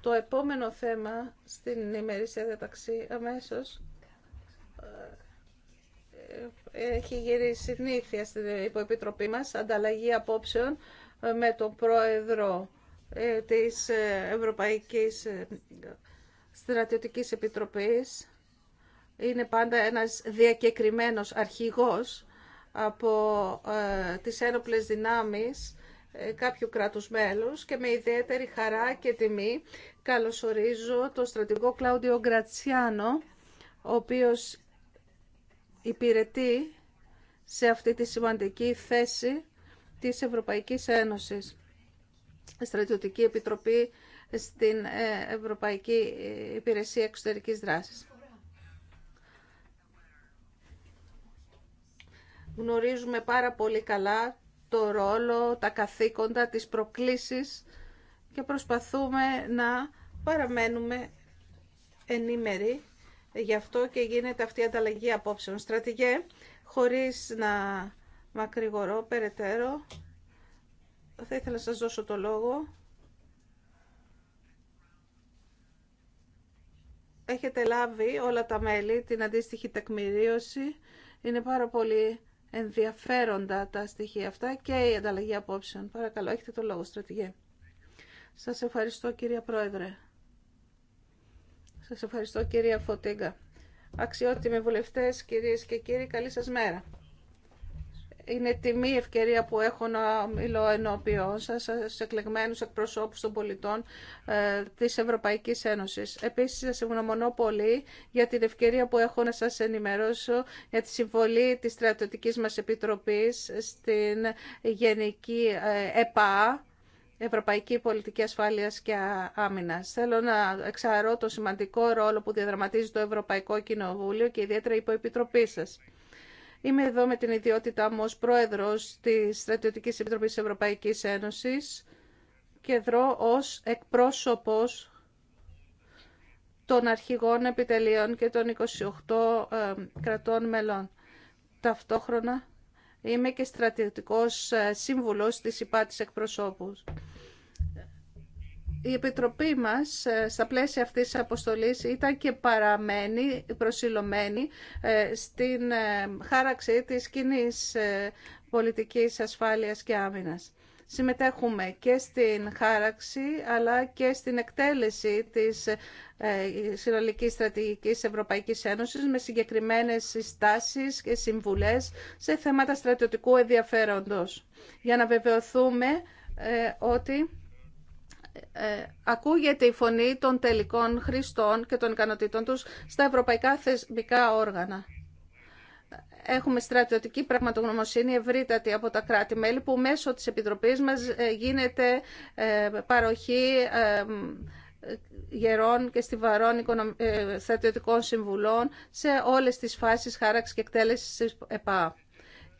το επόμενο θέμα στην ημερήσια διαταξή αμέσως ε, έχει γυρίσει συνήθεια στην υποεπιτροπή μας ανταλλαγή απόψεων με τον πρόεδρο ε, της Ευρωπαϊκής Στρατιωτικής Επιτροπής είναι πάντα ένας διακεκριμένος αρχηγός από ε, τις ένοπλες δυνάμεις ε, κάποιου κράτους μέλους και με ιδιαίτερη χαρά και τιμή καλωσορίζω τον στρατηγό Κλάουντιο Γκρατσιάνο, ο οποίος υπηρετεί σε αυτή τη σημαντική θέση της Ευρωπαϊκής Ένωσης. Στρατιωτική Επιτροπή στην ε, Ευρωπαϊκή Υπηρεσία Εξωτερικής Δράσης. Γνωρίζουμε πάρα πολύ καλά το ρόλο, τα καθήκοντα, τις προκλήσεις και προσπαθούμε να παραμένουμε ενήμεροι. Γι' αυτό και γίνεται αυτή η ανταλλαγή απόψεων. Στρατηγέ, χωρίς να μακρηγορώ περαιτέρω, θα ήθελα να σας δώσω το λόγο. Έχετε λάβει όλα τα μέλη την αντίστοιχη τεκμηρίωση. Είναι πάρα πολύ ενδιαφέροντα τα στοιχεία αυτά και η ανταλλαγή απόψεων. Παρακαλώ, έχετε το λόγο, στρατηγέ. Σας ευχαριστώ, κυρία Πρόεδρε. Σας ευχαριστώ, κυρία Φωτίγκα. Αξιότιμοι βουλευτές, κυρίες και κύριοι, καλή σας μέρα είναι τιμή η ευκαιρία που έχω να μιλώ ενώπιον σα, στου εκλεγμένου εκπροσώπου των πολιτών ε, της Ευρωπαϊκής Ένωσης. Επίσης, σας ευγνωμονώ πολύ για την ευκαιρία που έχω να σα ενημερώσω για τη συμβολή τη Στρατιωτική μα επιτροπή στην Γενική ε, ΕΠΑ, Ευρωπαϊκή Πολιτική Ασφάλειας και Άμυνα. Θέλω να εξαρώ το σημαντικό ρόλο που διαδραματίζει το Ευρωπαϊκό Κοινοβούλιο και ιδιαίτερα η υποεπιτροπή σα. Είμαι εδώ με την ιδιότητά μου ως πρόεδρος της Στρατιωτικής Επιτροπής Ευρωπαϊκής Ένωσης και δρώ ως εκπρόσωπος των αρχηγών επιτελείων και των 28 ε, κρατών μελών. Ταυτόχρονα είμαι και στρατιωτικός ε, σύμβουλος της ΥΠΑ της εκπροσώπους η Επιτροπή μας ε, στα πλαίσια αυτής της αποστολής ήταν και παραμένει προσιλωμένη ε, στην ε, χάραξη της κοινή πολιτικής ασφάλειας και άμυνας. Συμμετέχουμε και στην χάραξη αλλά και στην εκτέλεση της συνολικής στρατηγικής Ευρωπαϊκής Ένωσης με συγκεκριμένες συστάσεις και συμβουλές σε θέματα στρατιωτικού ενδιαφέροντος για να βεβαιωθούμε ότι ε, ακούγεται η φωνή των τελικών χρηστών και των ικανοτήτων τους στα ευρωπαϊκά θεσμικά όργανα. Έχουμε στρατιωτική πραγματογνωμοσύνη ευρύτατη από τα κράτη-μέλη που μέσω της Επιτροπής μας ε, γίνεται ε, παροχή γερών και στιβαρών στρατιωτικών συμβουλών σε όλες τις φάσεις χάραξης και εκτέλεσης της ΕΠΑ.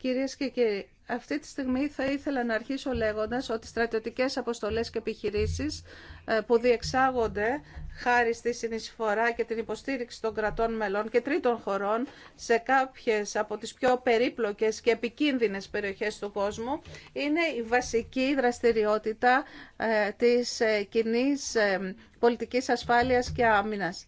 Κυρίες και κύριοι, αυτή τη στιγμή θα ήθελα να αρχίσω λέγοντας ότι στρατιωτικές αποστολές και επιχειρήσεις ε, που διεξάγονται χάρη στη συνεισφορά και την υποστήριξη των κρατών μελών και τρίτων χωρών σε κάποιες από τις πιο περίπλοκες και επικίνδυνες περιοχές του κόσμου είναι η βασική δραστηριότητα ε, της ε, κοινή πολιτικής ασφάλειας και άμυνας.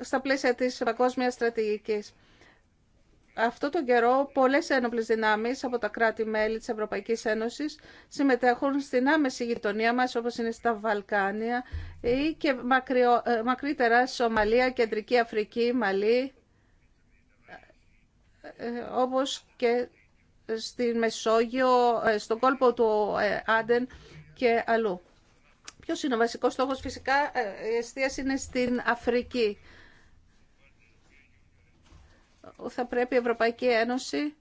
στα πλαίσια της παγκόσμιας στρατηγικής. Αυτό τον καιρό πολλές ένοπλες δυνάμεις από τα κράτη-μέλη της Ευρωπαϊκής Ένωσης συμμετέχουν στην άμεση γειτονία μας όπως είναι στα Βαλκάνια ή και μακριο, ε, μακρύτερα Σομαλία, Κεντρική Αφρική, Μαλή ε, όπως και στη Μεσόγειο, ε, στον κόλπο του Άντεν και αλλού. Ποιος είναι ο βασικός στόχος φυσικά η εστίαση είναι στην Αφρική θα πρέπει η Ευρωπαϊκή Ένωση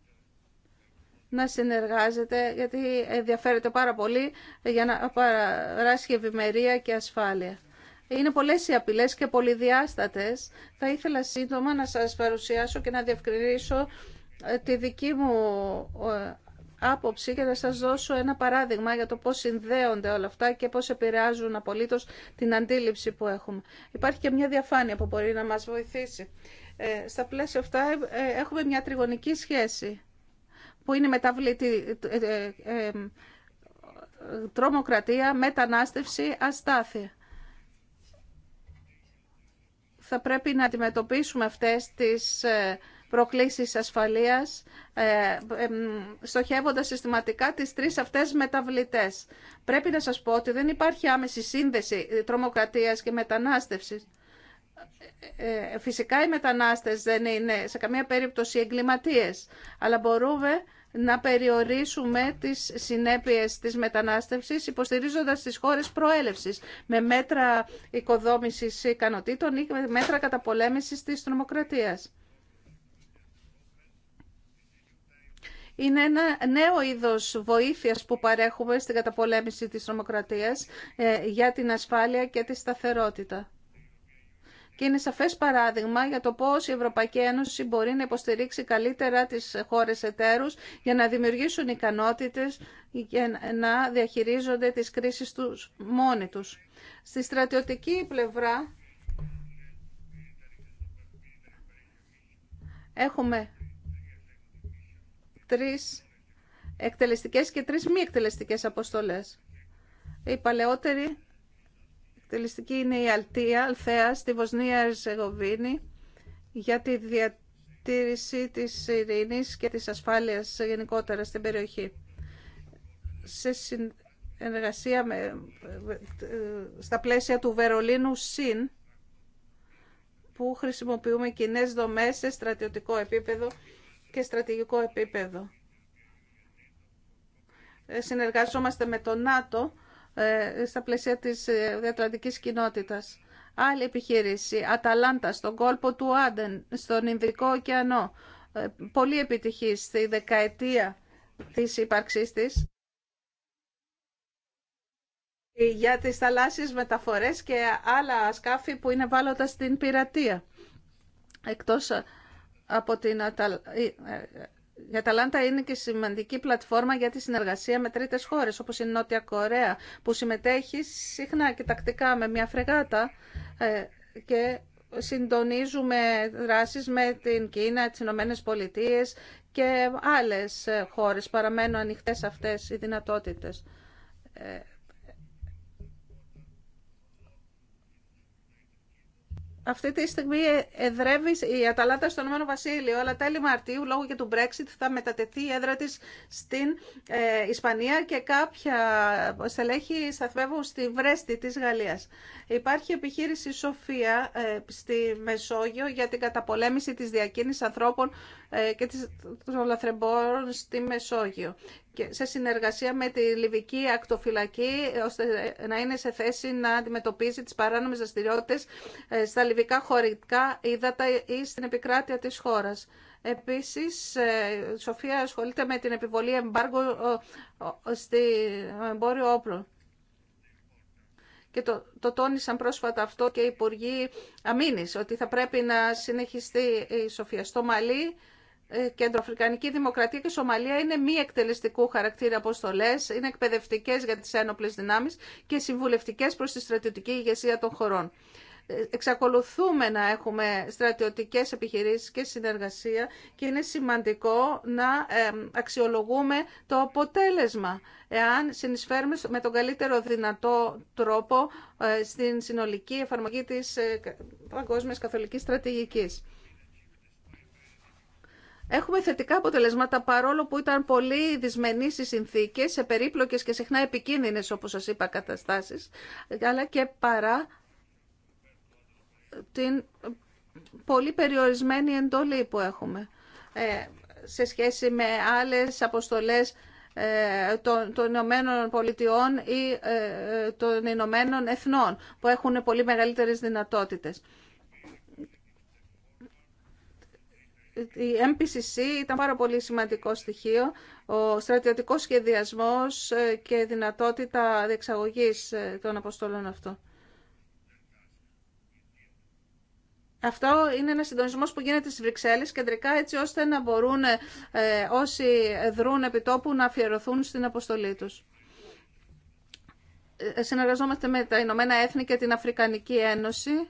να συνεργάζεται, γιατί ενδιαφέρεται πάρα πολύ για να παράσχει ευημερία και ασφάλεια. Είναι πολλές οι απειλές και πολυδιάστατες. Θα ήθελα σύντομα να σας παρουσιάσω και να διευκρινίσω ε, τη δική μου ε, άποψη και θα σας δώσω ένα παράδειγμα για το πώς συνδέονται όλα αυτά και πώς επηρεάζουν απολύτως την αντίληψη που έχουμε. Υπάρχει και μια διαφάνεια που μπορεί να μας βοηθήσει. Ε, στα πλαίσια αυτά ε, ε, έχουμε μια τριγωνική σχέση που είναι μεταβλητή ε, ε, τρομοκρατία, μετανάστευση, αστάθεια. Θα πρέπει να αντιμετωπίσουμε αυτές τις προκλήσεις ασφαλείας, ε, στοχεύοντας συστηματικά τις τρεις αυτές μεταβλητές. Πρέπει να σας πω ότι δεν υπάρχει άμεση σύνδεση ε, τρομοκρατίας και μετανάστευσης. Ε, φυσικά οι μετανάστες δεν είναι σε καμία περίπτωση εγκληματίες, αλλά μπορούμε να περιορίσουμε τις συνέπειες της μετανάστευσης υποστηρίζοντας τις χώρες προέλευσης με μέτρα οικοδόμησης ικανοτήτων ή με μέτρα καταπολέμησης της τρομοκρατίας. Είναι ένα νέο είδος βοήθειας που παρέχουμε στην καταπολέμηση της νομοκρατίας ε, για την ασφάλεια και τη σταθερότητα. Και είναι σαφές παράδειγμα για το πώς η Ευρωπαϊκή Ένωση μπορεί να υποστηρίξει καλύτερα τις χώρες εταίρους για να δημιουργήσουν ικανότητες και να διαχειρίζονται τις κρίσεις τους μόνοι τους. Στη στρατιωτική πλευρά έχουμε τρεις εκτελεστικές και τρεις μη εκτελεστικές αποστολές. Η παλαιότερη εκτελεστική είναι η Αλτία, Αλθέα, στη Βοσνία Ερζεγοβίνη για τη διατήρηση της ειρήνης και της ασφάλειας γενικότερα στην περιοχή. Σε συνεργασία με, στα πλαίσια του Βερολίνου ΣΥΝ, που χρησιμοποιούμε κοινέ δομές σε στρατιωτικό επίπεδο και στρατηγικό επίπεδο. Ε, συνεργαζόμαστε με το ΝΑΤΟ ε, στα πλαίσια της ε, διατρατικής κοινότητας. Άλλη επιχείρηση, Αταλάντα, στον κόλπο του Άντεν, στον Ινδικό ωκεανό. Πολύ επιτυχή στη δεκαετία της ύπαρξής της για τις θαλάσσιες μεταφορές και άλλα σκάφη που είναι βάλωτα στην πειρατεία. Εκτός από την Αταλ... Ε, ε, η Αταλάντα είναι και σημαντική πλατφόρμα για τη συνεργασία με τρίτες χώρες, όπως η Νότια Κορέα, που συμμετέχει συχνά και τακτικά με μια φρεγάτα ε, και συντονίζουμε δράσεις με την Κίνα, τις Ηνωμένε Πολιτείε και άλλες χώρες. Παραμένουν ανοιχτές αυτές οι δυνατότητες. αυτή τη στιγμή εδρεύει η Αταλάντα στο Ηνωμένο Βασίλειο, αλλά τέλη Μαρτίου, λόγω και του Brexit, θα μετατεθεί η έδρα της στην ε, Ισπανία και κάποια στελέχη σταθμεύουν στη Βρέστη της Γαλλίας. Υπάρχει επιχείρηση Σοφία ε, στη Μεσόγειο για την καταπολέμηση της διακίνησης ανθρώπων ε, και των λαθρεμπόρων στη Μεσόγειο και σε συνεργασία με τη Λιβική Ακτοφυλακή ώστε να είναι σε θέση να αντιμετωπίζει τις παράνομες δραστηριότητε ε, στα λιβικά χωρικά ύδατα ή στην επικράτεια της χώρας. Επίσης, ε, η Σοφία ασχολείται με την επιβολή εμπάργου στη εμπόριο όπλων. Και το, το τόνισαν πρόσφατα αυτό και οι Υπουργοί Αμήνης, ότι θα πρέπει να συνεχιστεί η Σοφία. Στο Μαλή, ε, Κεντροαφρικανική Δημοκρατία και Σομαλία είναι μη εκτελεστικού χαρακτήρα αποστολέ, είναι εκπαιδευτικέ για τι ένοπλε δυνάμει και συμβουλευτικέ προ τη στρατιωτική ηγεσία των χωρών. Ε, εξακολουθούμε να έχουμε στρατιωτικές επιχειρήσεις και συνεργασία και είναι σημαντικό να αξιολογούμε το αποτέλεσμα εάν συνεισφέρουμε με τον καλύτερο δυνατό τρόπο ε, στην συνολική εφαρμογή της παγκόσμιας Καθολική στρατηγικής. Έχουμε θετικά αποτελέσματα παρόλο που ήταν πολύ δυσμενείς οι συνθήκες, σε περίπλοκες και συχνά επικίνδυνες όπως σας είπα καταστάσεις, αλλά και παρά την πολύ περιορισμένη εντολή που έχουμε ε, σε σχέση με άλλες αποστολές ε, των Ηνωμένων Πολιτειών ή ε, των Ηνωμένων Εθνών που έχουν πολύ μεγαλύτερες δυνατότητες. η MPCC ήταν πάρα πολύ σημαντικό στοιχείο, ο στρατιωτικός σχεδιασμός ε, και δυνατότητα διεξαγωγής ε, των αποστολών αυτών. Αυτό είναι ένα συντονισμό που γίνεται στι Βρυξέλλε κεντρικά έτσι ώστε να μπορούν ε, όσοι δρούν επί τόπου να αφιερωθούν στην αποστολή του. Συνεργαζόμαστε με τα Ηνωμένα Έθνη και την Αφρικανική Ένωση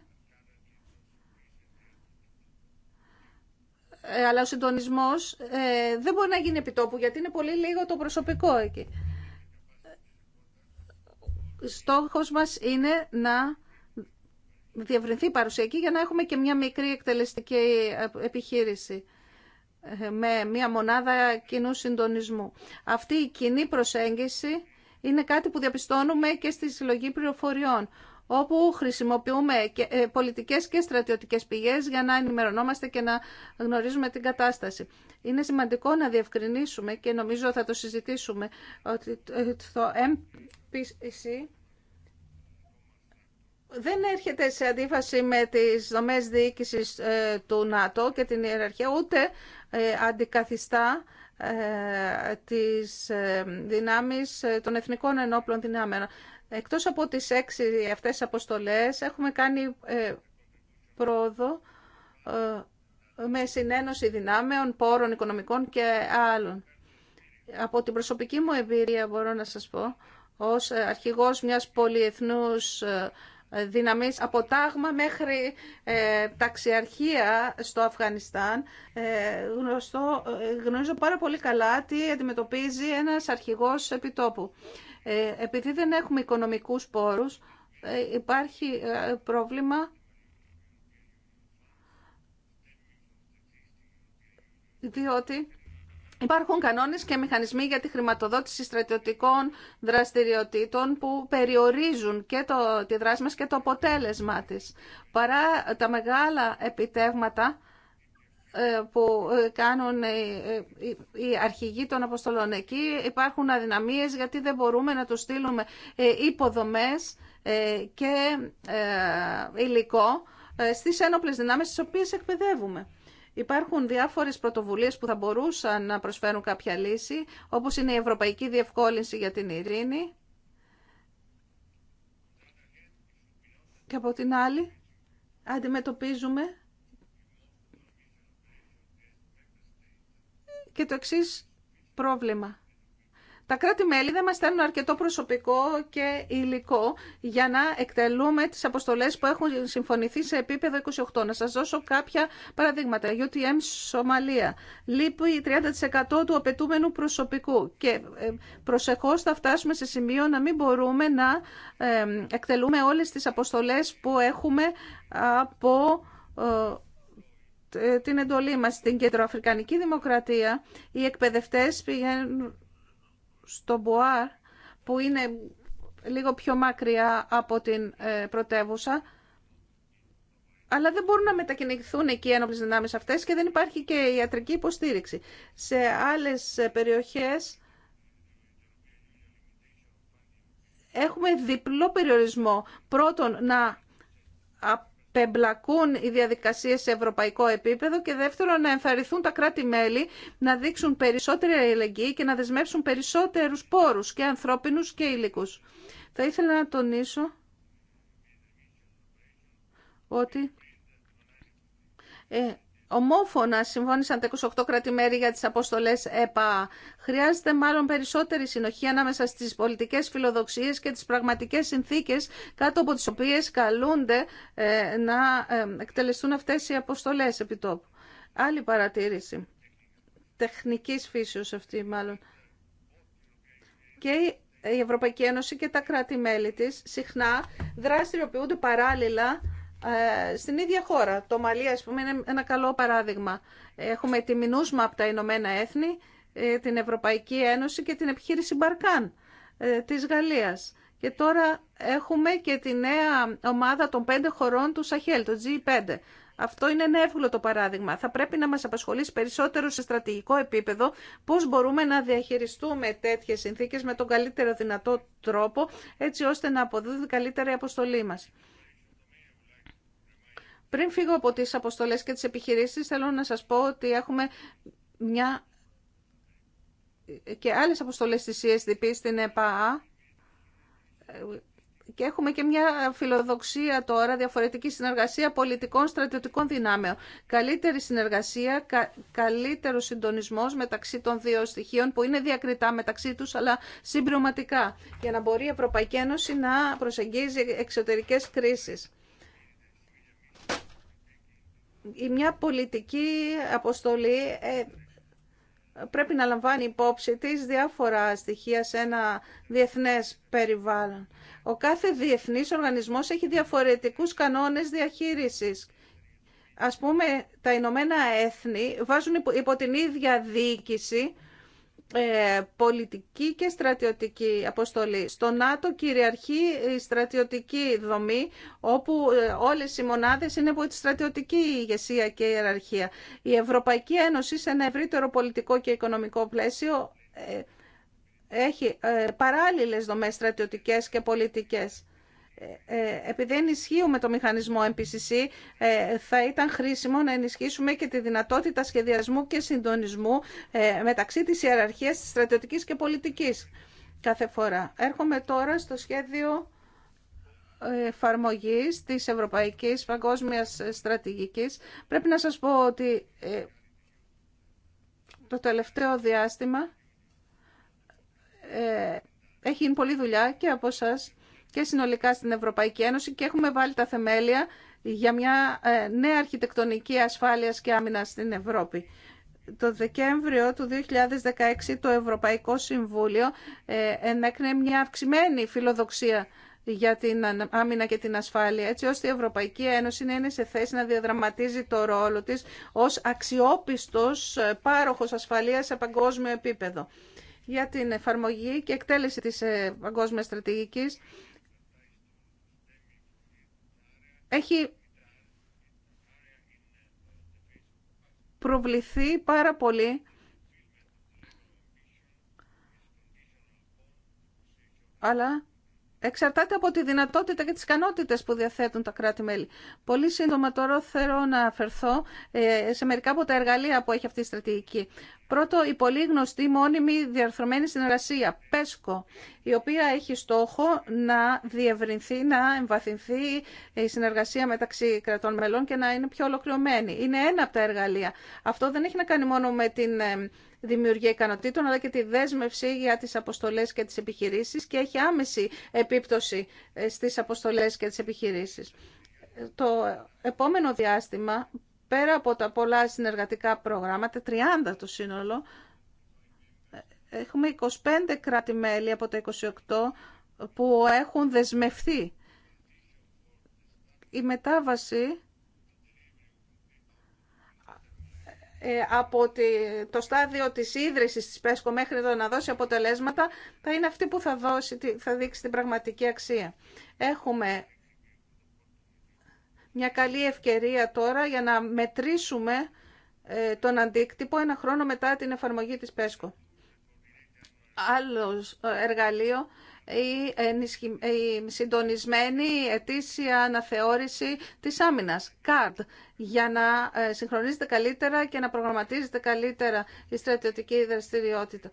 Ε, αλλά ο συντονισμός ε, δεν μπορεί να γίνει επιτόπου γιατί είναι πολύ λίγο το προσωπικό εκεί. στόχο μας είναι να διευρυνθεί η παρουσία εκεί για να έχουμε και μια μικρή εκτελεστική επιχείρηση ε, με μια μονάδα κοινού συντονισμού. Αυτή η κοινή προσέγγιση είναι κάτι που διαπιστώνουμε και στη συλλογή πληροφοριών, όπου χρησιμοποιούμε ε, πολιτικές και στρατιωτικές πηγές για να ενημερωνόμαστε και να γνωρίζουμε την κατάσταση. Είναι σημαντικό να διευκρινίσουμε και νομίζω θα το συζητήσουμε ότι το MPC ε, δεν έρχεται σε αντίφαση με τις δομές διοίκησης ε, του ΝΑΤΟ και την ιεραρχία, ούτε αντικαθιστά τις δυνάμεις των εθνικών ενόπλων δυνάμεων. Εκτός από τις έξι αυτές αποστολές, έχουμε κάνει ε, πρόοδο ε, με συνένωση δυνάμεων, πόρων, οικονομικών και άλλων. Από την προσωπική μου εμπειρία μπορώ να σας πω, ως αρχηγός μιας πολυεθνούς ε, δύναμης από τάγμα μέχρι ε, ταξιαρχία στο Αφγανιστάν. Ε, ε, γνωρίζω πάρα πολύ καλά τι αντιμετωπίζει ένας αρχηγός επιτόπου. Ε, επειδή δεν έχουμε οικονομικούς πόρους, ε, υπάρχει πρόβλημα διότι Υπάρχουν κανόνες και μηχανισμοί για τη χρηματοδότηση στρατιωτικών δραστηριοτήτων που περιορίζουν και το, τη δράση μας και το αποτέλεσμα της. Παρά τα μεγάλα επιτεύγματα ε, που ε, κάνουν ε, οι αρχηγοί των αποστολών εκεί υπάρχουν αδυναμίες γιατί δεν μπορούμε να τους στείλουμε υποδομές και υλικό στις ένοπλες δυνάμεις τις οποίες εκπαιδεύουμε. Υπάρχουν διάφορες πρωτοβουλίες που θα μπορούσαν να προσφέρουν κάποια λύση, όπως είναι η Ευρωπαϊκή Διευκόλυνση για την Ειρήνη. Και από την άλλη, αντιμετωπίζουμε και το εξής πρόβλημα. Τα κράτη-μέλη δεν μας στέλνουν αρκετό προσωπικό και υλικό για να εκτελούμε τις αποστολές που έχουν συμφωνηθεί σε επίπεδο 28. Να σας δώσω κάποια παραδείγματα. UTM Σομαλία. Λείπει 30% του απαιτούμενου προσωπικού και ε, προσεχώς θα φτάσουμε σε σημείο να μην μπορούμε να ε, εκτελούμε όλες τις αποστολές που έχουμε από ε, την εντολή μας στην Κεντροαφρικανική Δημοκρατία οι εκπαιδευτές πηγαίνουν στο Μποάρ που είναι λίγο πιο μακριά από την ε, πρωτεύουσα αλλά δεν μπορούν να μετακινηθούν εκεί οι ένοπλες δυνάμεις αυτές και δεν υπάρχει και ιατρική υποστήριξη. Σε άλλες περιοχές έχουμε διπλό περιορισμό. Πρώτον, να πεμπλακούν οι διαδικασίες σε ευρωπαϊκό επίπεδο και δεύτερον να ενθαρρυνθούν τα κράτη-μέλη να δείξουν περισσότερη αλληλεγγύη και να δεσμεύσουν περισσότερους πόρους και ανθρώπινους και υλικούς. Θα ήθελα να τονίσω ότι ε, Ομόφωνα συμφώνησαν τα 28 κράτη-μέρη για τις αποστολές ΕΠΑ. Χρειάζεται μάλλον περισσότερη συνοχή ανάμεσα στις πολιτικές φιλοδοξίες και τις πραγματικές συνθήκες κάτω από τις οποίες καλούνται ε, να ε, εκτελεστούν αυτές οι αποστολές επιτόπου. Άλλη παρατήρηση. Τεχνικής φύσεως αυτή μάλλον. Και η Ευρωπαϊκή Ένωση και τα κράτη-μέλη της συχνά δραστηριοποιούνται παράλληλα ε, στην ίδια χώρα. Το Μαλί, α πούμε, είναι ένα καλό παράδειγμα. Έχουμε τη Μινούσμα από τα Ηνωμένα Έθνη, ε, την Ευρωπαϊκή Ένωση και την επιχείρηση Μπαρκάν ε, της Γαλλίας. Και τώρα έχουμε και τη νέα ομάδα των πέντε χωρών του Σαχέλ, το G5. Αυτό είναι ένα το παράδειγμα. Θα πρέπει να μας απασχολήσει περισσότερο σε στρατηγικό επίπεδο πώς μπορούμε να διαχειριστούμε τέτοιες συνθήκες με τον καλύτερο δυνατό τρόπο, έτσι ώστε να αποδίδει καλύτερα αποστολή μας. Πριν φύγω από τις αποστολές και τις επιχειρήσεις, θέλω να σας πω ότι έχουμε μια και άλλες αποστολές της CSDP στην ΕΠΑΑ και έχουμε και μια φιλοδοξία τώρα, διαφορετική συνεργασία πολιτικών στρατιωτικών δυνάμεων. Καλύτερη συνεργασία, κα, καλύτερο συντονισμός μεταξύ των δύο στοιχείων που είναι διακριτά μεταξύ τους αλλά συμπληρωματικά για να μπορεί η Ευρωπαϊκή Ένωση να προσεγγίζει εξωτερικές κρίσεις η μια πολιτική αποστολή ε, πρέπει να λαμβάνει υπόψη της διάφορα στοιχεία σε ένα διεθνές περιβάλλον. Ο κάθε διεθνής οργανισμός έχει διαφορετικούς κανόνες διαχείρισης. Ας πούμε, τα Ηνωμένα Έθνη βάζουν υπό την ίδια διοίκηση ε, πολιτική και στρατιωτική αποστολή. Στο ΝΑΤΟ κυριαρχεί η στρατιωτική δομή, όπου ε, όλες οι μονάδες είναι από τη στρατιωτική ηγεσία και ιεραρχία. Η Ευρωπαϊκή Ένωση σε ένα ευρύτερο πολιτικό και οικονομικό πλαίσιο ε, έχει παράλληλες δομές στρατιωτικές και πολιτικές. Ε, ε, επειδή ενισχύουμε το μηχανισμό MPCC, ε, θα ήταν χρήσιμο να ενισχύσουμε και τη δυνατότητα σχεδιασμού και συντονισμού μεταξύ της ιεραρχίας της στρατιωτικής και πολιτικής κάθε φορά. Έρχομαι τώρα στο σχέδιο εφαρμογή της Ευρωπαϊκής Παγκόσμιας Στρατηγικής. Πρέπει να σας πω ότι το τελευταίο διάστημα έχει γίνει πολλή δουλειά και από σας και συνολικά στην Ευρωπαϊκή Ένωση και έχουμε βάλει τα θεμέλια για μια ε, νέα αρχιτεκτονική ασφάλειας και άμυνα στην Ευρώπη. Το Δεκέμβριο του 2016 το Ευρωπαϊκό Συμβούλιο ε, ενέκνε μια αυξημένη φιλοδοξία για την άμυνα και την ασφάλεια, έτσι ώστε η Ευρωπαϊκή Ένωση να είναι σε θέση να διαδραματίζει το ρόλο της ως αξιόπιστος ε, πάροχος ασφαλείας σε παγκόσμιο επίπεδο. Για την εφαρμογή και εκτέλεση της παγκόσμιας στρατηγικής, έχει προβληθεί πάρα πολύ αλλά εξαρτάται από τη δυνατότητα και τις ικανότητε που διαθέτουν τα κράτη-μέλη. Πολύ σύντομα τώρα θέλω να αφαιρθώ ε, σε μερικά από τα εργαλεία που έχει αυτή η στρατηγική. Πρώτο, η πολύ γνωστή μόνιμη διαρθρωμένη συνεργασία, ΠΕΣΚΟ, η οποία έχει στόχο να διευρυνθεί, να εμβαθυνθεί η συνεργασία μεταξύ κρατών μελών και να είναι πιο ολοκληρωμένη. Είναι ένα από τα εργαλεία. Αυτό δεν έχει να κάνει μόνο με την ε, δημιουργία ικανοτήτων, αλλά και τη δέσμευση για τις αποστολές και τις επιχειρήσεις και έχει άμεση επίπτωση ε, στις αποστολές και τις επιχειρήσεις. Ε, το επόμενο διάστημα πέρα από τα πολλά συνεργατικά προγράμματα, 30 το σύνολο, έχουμε 25 κράτη-μέλη από τα 28 που έχουν δεσμευθεί. Η μετάβαση ε, από το στάδιο της ίδρυσης της ΠΕΣΚΟ μέχρι να δώσει αποτελέσματα θα είναι αυτή που θα, δώσει, θα δείξει την πραγματική αξία. Έχουμε μια καλή ευκαιρία τώρα για να μετρήσουμε ε, τον αντίκτυπο ένα χρόνο μετά την εφαρμογή της ΠΕΣΚΟ. Άλλο ε, εργαλείο η συντονισμένη ετήσια αναθεώρηση της άμυνας, CARD, για να ε, συγχρονίζεται καλύτερα και να προγραμματίζεται καλύτερα η στρατιωτική δραστηριότητα.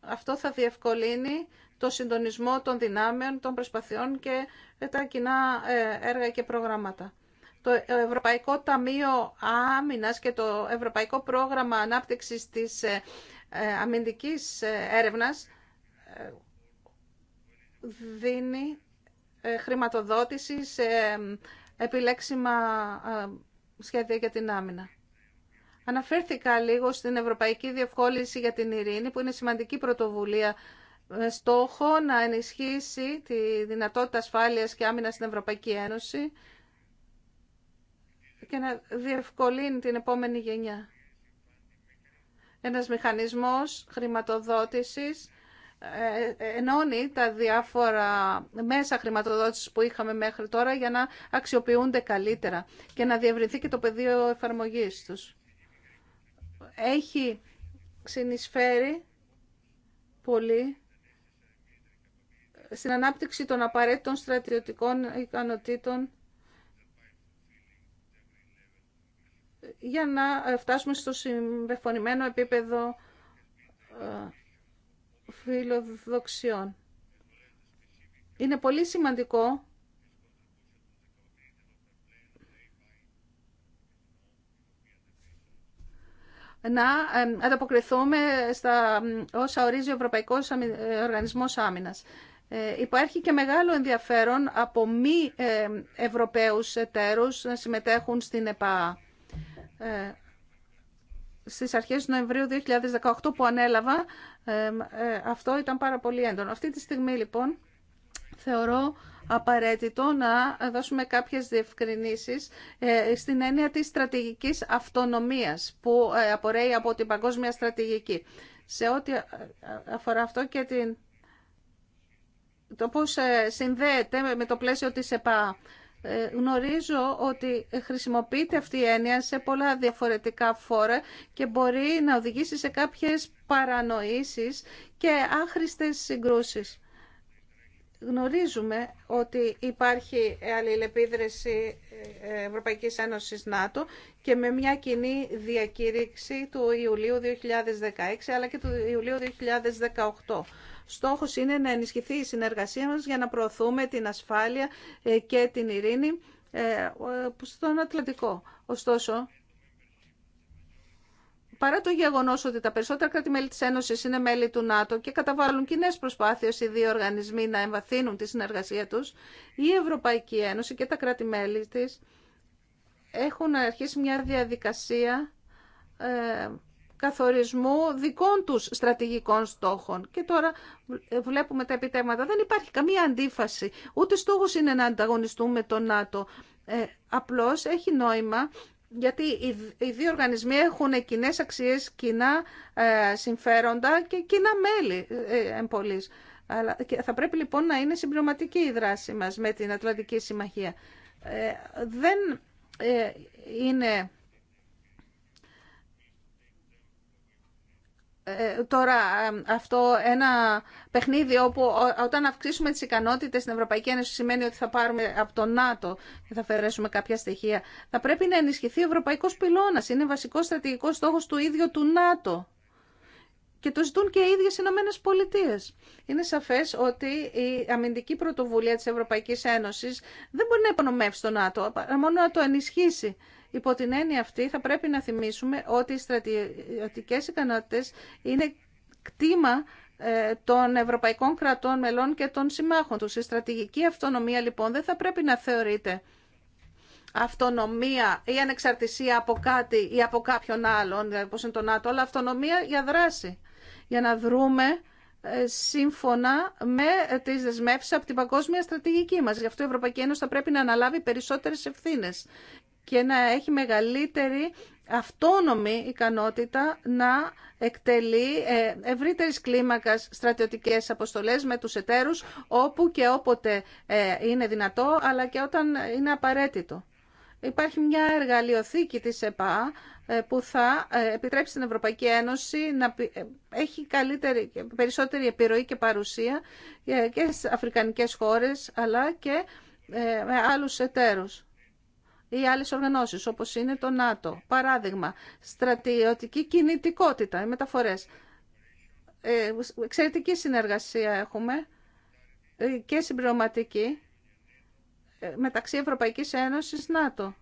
Αυτό θα διευκολύνει το συντονισμό των δυνάμεων, των προσπαθειών και ε, τα κοινά ε, έργα και προγράμματα. Το ε, Ευρωπαϊκό Ταμείο Άμυνας και το Ευρωπαϊκό Πρόγραμμα Ανάπτυξης της Αμυντικής Έρευνας δίνει χρηματοδότηση σε επιλέξιμα σχέδια για την άμυνα. Αναφέρθηκα λίγο στην Ευρωπαϊκή Διευκόλυνση για την Ειρήνη, που είναι σημαντική πρωτοβουλία με στόχο να ενισχύσει τη δυνατότητα ασφάλειας και άμυνας στην Ευρωπαϊκή Ένωση και να διευκολύνει την επόμενη γενιά. Ένας μηχανισμός χρηματοδότησης ε, ενώνει τα διάφορα μέσα χρηματοδότησης που είχαμε μέχρι τώρα για να αξιοποιούνται καλύτερα και να διευρυνθεί και το πεδίο εφαρμογής τους. Έχει συνεισφέρει πολύ στην ανάπτυξη των απαραίτητων στρατιωτικών ικανοτήτων για να φτάσουμε στο συμπεφωνημένο επίπεδο ε, φιλοδοξιών. Είναι πολύ σημαντικό να ε, ανταποκριθούμε στα ε, όσα ορίζει ο Ευρωπαϊκός Οργανισμός Άμυνας. Ε, υπάρχει και μεγάλο ενδιαφέρον από μη ε, Ευρωπαίους εταίρους να συμμετέχουν στην ΕΠΑ. Ε, στις αρχές του Νοεμβρίου 2018 που ανέλαβα, ε, ε, αυτό ήταν πάρα πολύ έντονο. Αυτή τη στιγμή λοιπόν θεωρώ απαραίτητο να δώσουμε κάποιες διευκρινήσεις ε, στην έννοια της στρατηγικής αυτονομίας που απορρέει από την παγκόσμια στρατηγική. Σε ό,τι αφορά αυτό και την το πώς ε, συνδέεται με το πλαίσιο της ΕΠΑ. Ε, γνωρίζω ότι χρησιμοποιείται αυτή η έννοια σε πολλά διαφορετικά φόρα και μπορεί να οδηγήσει σε κάποιες παρανοήσεις και άχρηστες συγκρούσεις γνωρίζουμε ότι υπάρχει αλληλεπίδραση ε, ε, Ευρωπαϊκής Ένωσης ΝΑΤΟ και με μια κοινή διακήρυξη του Ιουλίου 2016 αλλά και του Ιουλίου 2018. Στόχος είναι να ενισχυθεί η συνεργασία μας για να προωθούμε την ασφάλεια ε, και την ειρήνη στον Ατλαντικό. Ωστόσο, παρά το γεγονό ότι τα περισσότερα κράτη-μέλη τη Ένωση είναι μέλη του ΝΑΤΟ και καταβάλουν κοινέ προσπάθειε οι δύο οργανισμοί να εμβαθύνουν τη συνεργασία του, η Ευρωπαϊκή Ένωση και τα κράτη-μέλη τη έχουν αρχίσει μια διαδικασία ε, καθορισμού δικών τους στρατηγικών στόχων. Και τώρα βλέπουμε τα επιτέγματα. Δεν υπάρχει καμία αντίφαση. Ούτε στόχος είναι να ανταγωνιστούμε το ΝΑΤΟ. Ε, απλώς έχει νόημα γιατί οι δύο οργανισμοί έχουν κοινέ αξίε, κοινά ε, συμφέροντα και κοινά μέλη εμπολής. Αλλά θα πρέπει λοιπόν να είναι συμπληρωματική η δράση μα με την Ατλαντική Συμμαχία. Ε, δεν ε, είναι Ε, τώρα ε, αυτό ένα παιχνίδι όπου όταν αυξήσουμε τις ικανότητες στην Ευρωπαϊκή Ένωση σημαίνει ότι θα πάρουμε από το ΝΑΤΟ και θα αφαιρέσουμε κάποια στοιχεία. Θα πρέπει να ενισχυθεί ο ευρωπαϊκός πυλώνας. Είναι βασικός στρατηγικός στόχος του ίδιου του ΝΑΤΟ. Και το ζητούν και οι ίδιες οι Ηνωμένε Πολιτείε. Είναι σαφές ότι η αμυντική πρωτοβουλία της Ευρωπαϊκής Ένωσης δεν μπορεί να υπονομεύσει το ΝΑΤΟ, μόνο να το ενισχύσει. Υπό την έννοια αυτή θα πρέπει να θυμίσουμε ότι οι στρατιωτικές ικανότητες είναι κτήμα ε, των ευρωπαϊκών κρατών μελών και των συμμάχων τους. Η στρατηγική αυτονομία λοιπόν δεν θα πρέπει να θεωρείται αυτονομία ή ανεξαρτησία από κάτι ή από κάποιον άλλον, δηλαδή όπως είναι το ΝΑΤΟ, αλλά αυτονομία για δράση, για να δρούμε ε, σύμφωνα με τις δεσμεύσεις από την παγκόσμια στρατηγική μας. Γι' αυτό η Ευρωπαϊκή Ένωση θα πρέπει να αναλάβει περισσότερες ευθύνες και να έχει μεγαλύτερη αυτόνομη ικανότητα να εκτελεί ε, ευρύτερης κλίμακας στρατιωτικές αποστολές με τους εταίρους όπου και όποτε ε, είναι δυνατό αλλά και όταν είναι απαραίτητο. Υπάρχει μια εργαλειοθήκη της ΕΠΑ ε, που θα επιτρέψει στην Ευρωπαϊκή Ένωση να έχει καλύτερη, περισσότερη επιρροή και παρουσία και στις αφρικανικές χώρες αλλά και με άλλους εταίρους ή άλλε οργανώσεις όπως είναι το ΝΑΤΟ. Παράδειγμα, στρατιωτική κινητικότητα, οι μεταφορές. Ε, εξαιρετική συνεργασία έχουμε ε, και συμπληρωματική ε, μεταξύ Ευρωπαϊκής Ένωσης ΝΑΤΟ.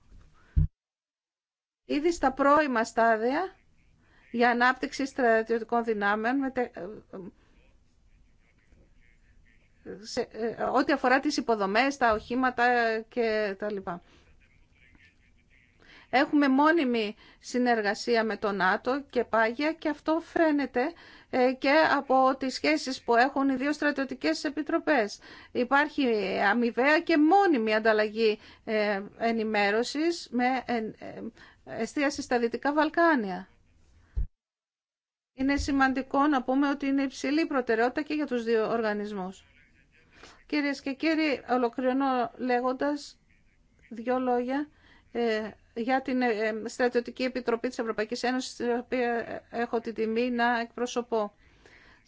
Ήδη στα πρώιμα στάδια για ανάπτυξη στρατιωτικών δυνάμεων ε, ό,τι αφορά τις υποδομές, τα οχήματα και τα λοιπά. Έχουμε μόνιμη συνεργασία με τον ΝΑΤΟ και πάγια και αυτό φαίνεται ε, και από τις σχέσεις που έχουν οι δύο στρατιωτικές επιτροπές. Υπάρχει αμοιβαία και μόνιμη ανταλλαγή ε, ενημέρωσης με ε, εστίαση στα Δυτικά Βαλκάνια. Είναι σημαντικό να πούμε ότι είναι υψηλή προτεραιότητα και για τους δύο οργανισμούς. Κυρίες και κύριοι, ολοκληρώνω λέγοντας δύο λόγια για την ε, Στρατιωτική Επιτροπή της Ευρωπαϊκής Ένωσης, την οποία έχω την τιμή να εκπροσωπώ.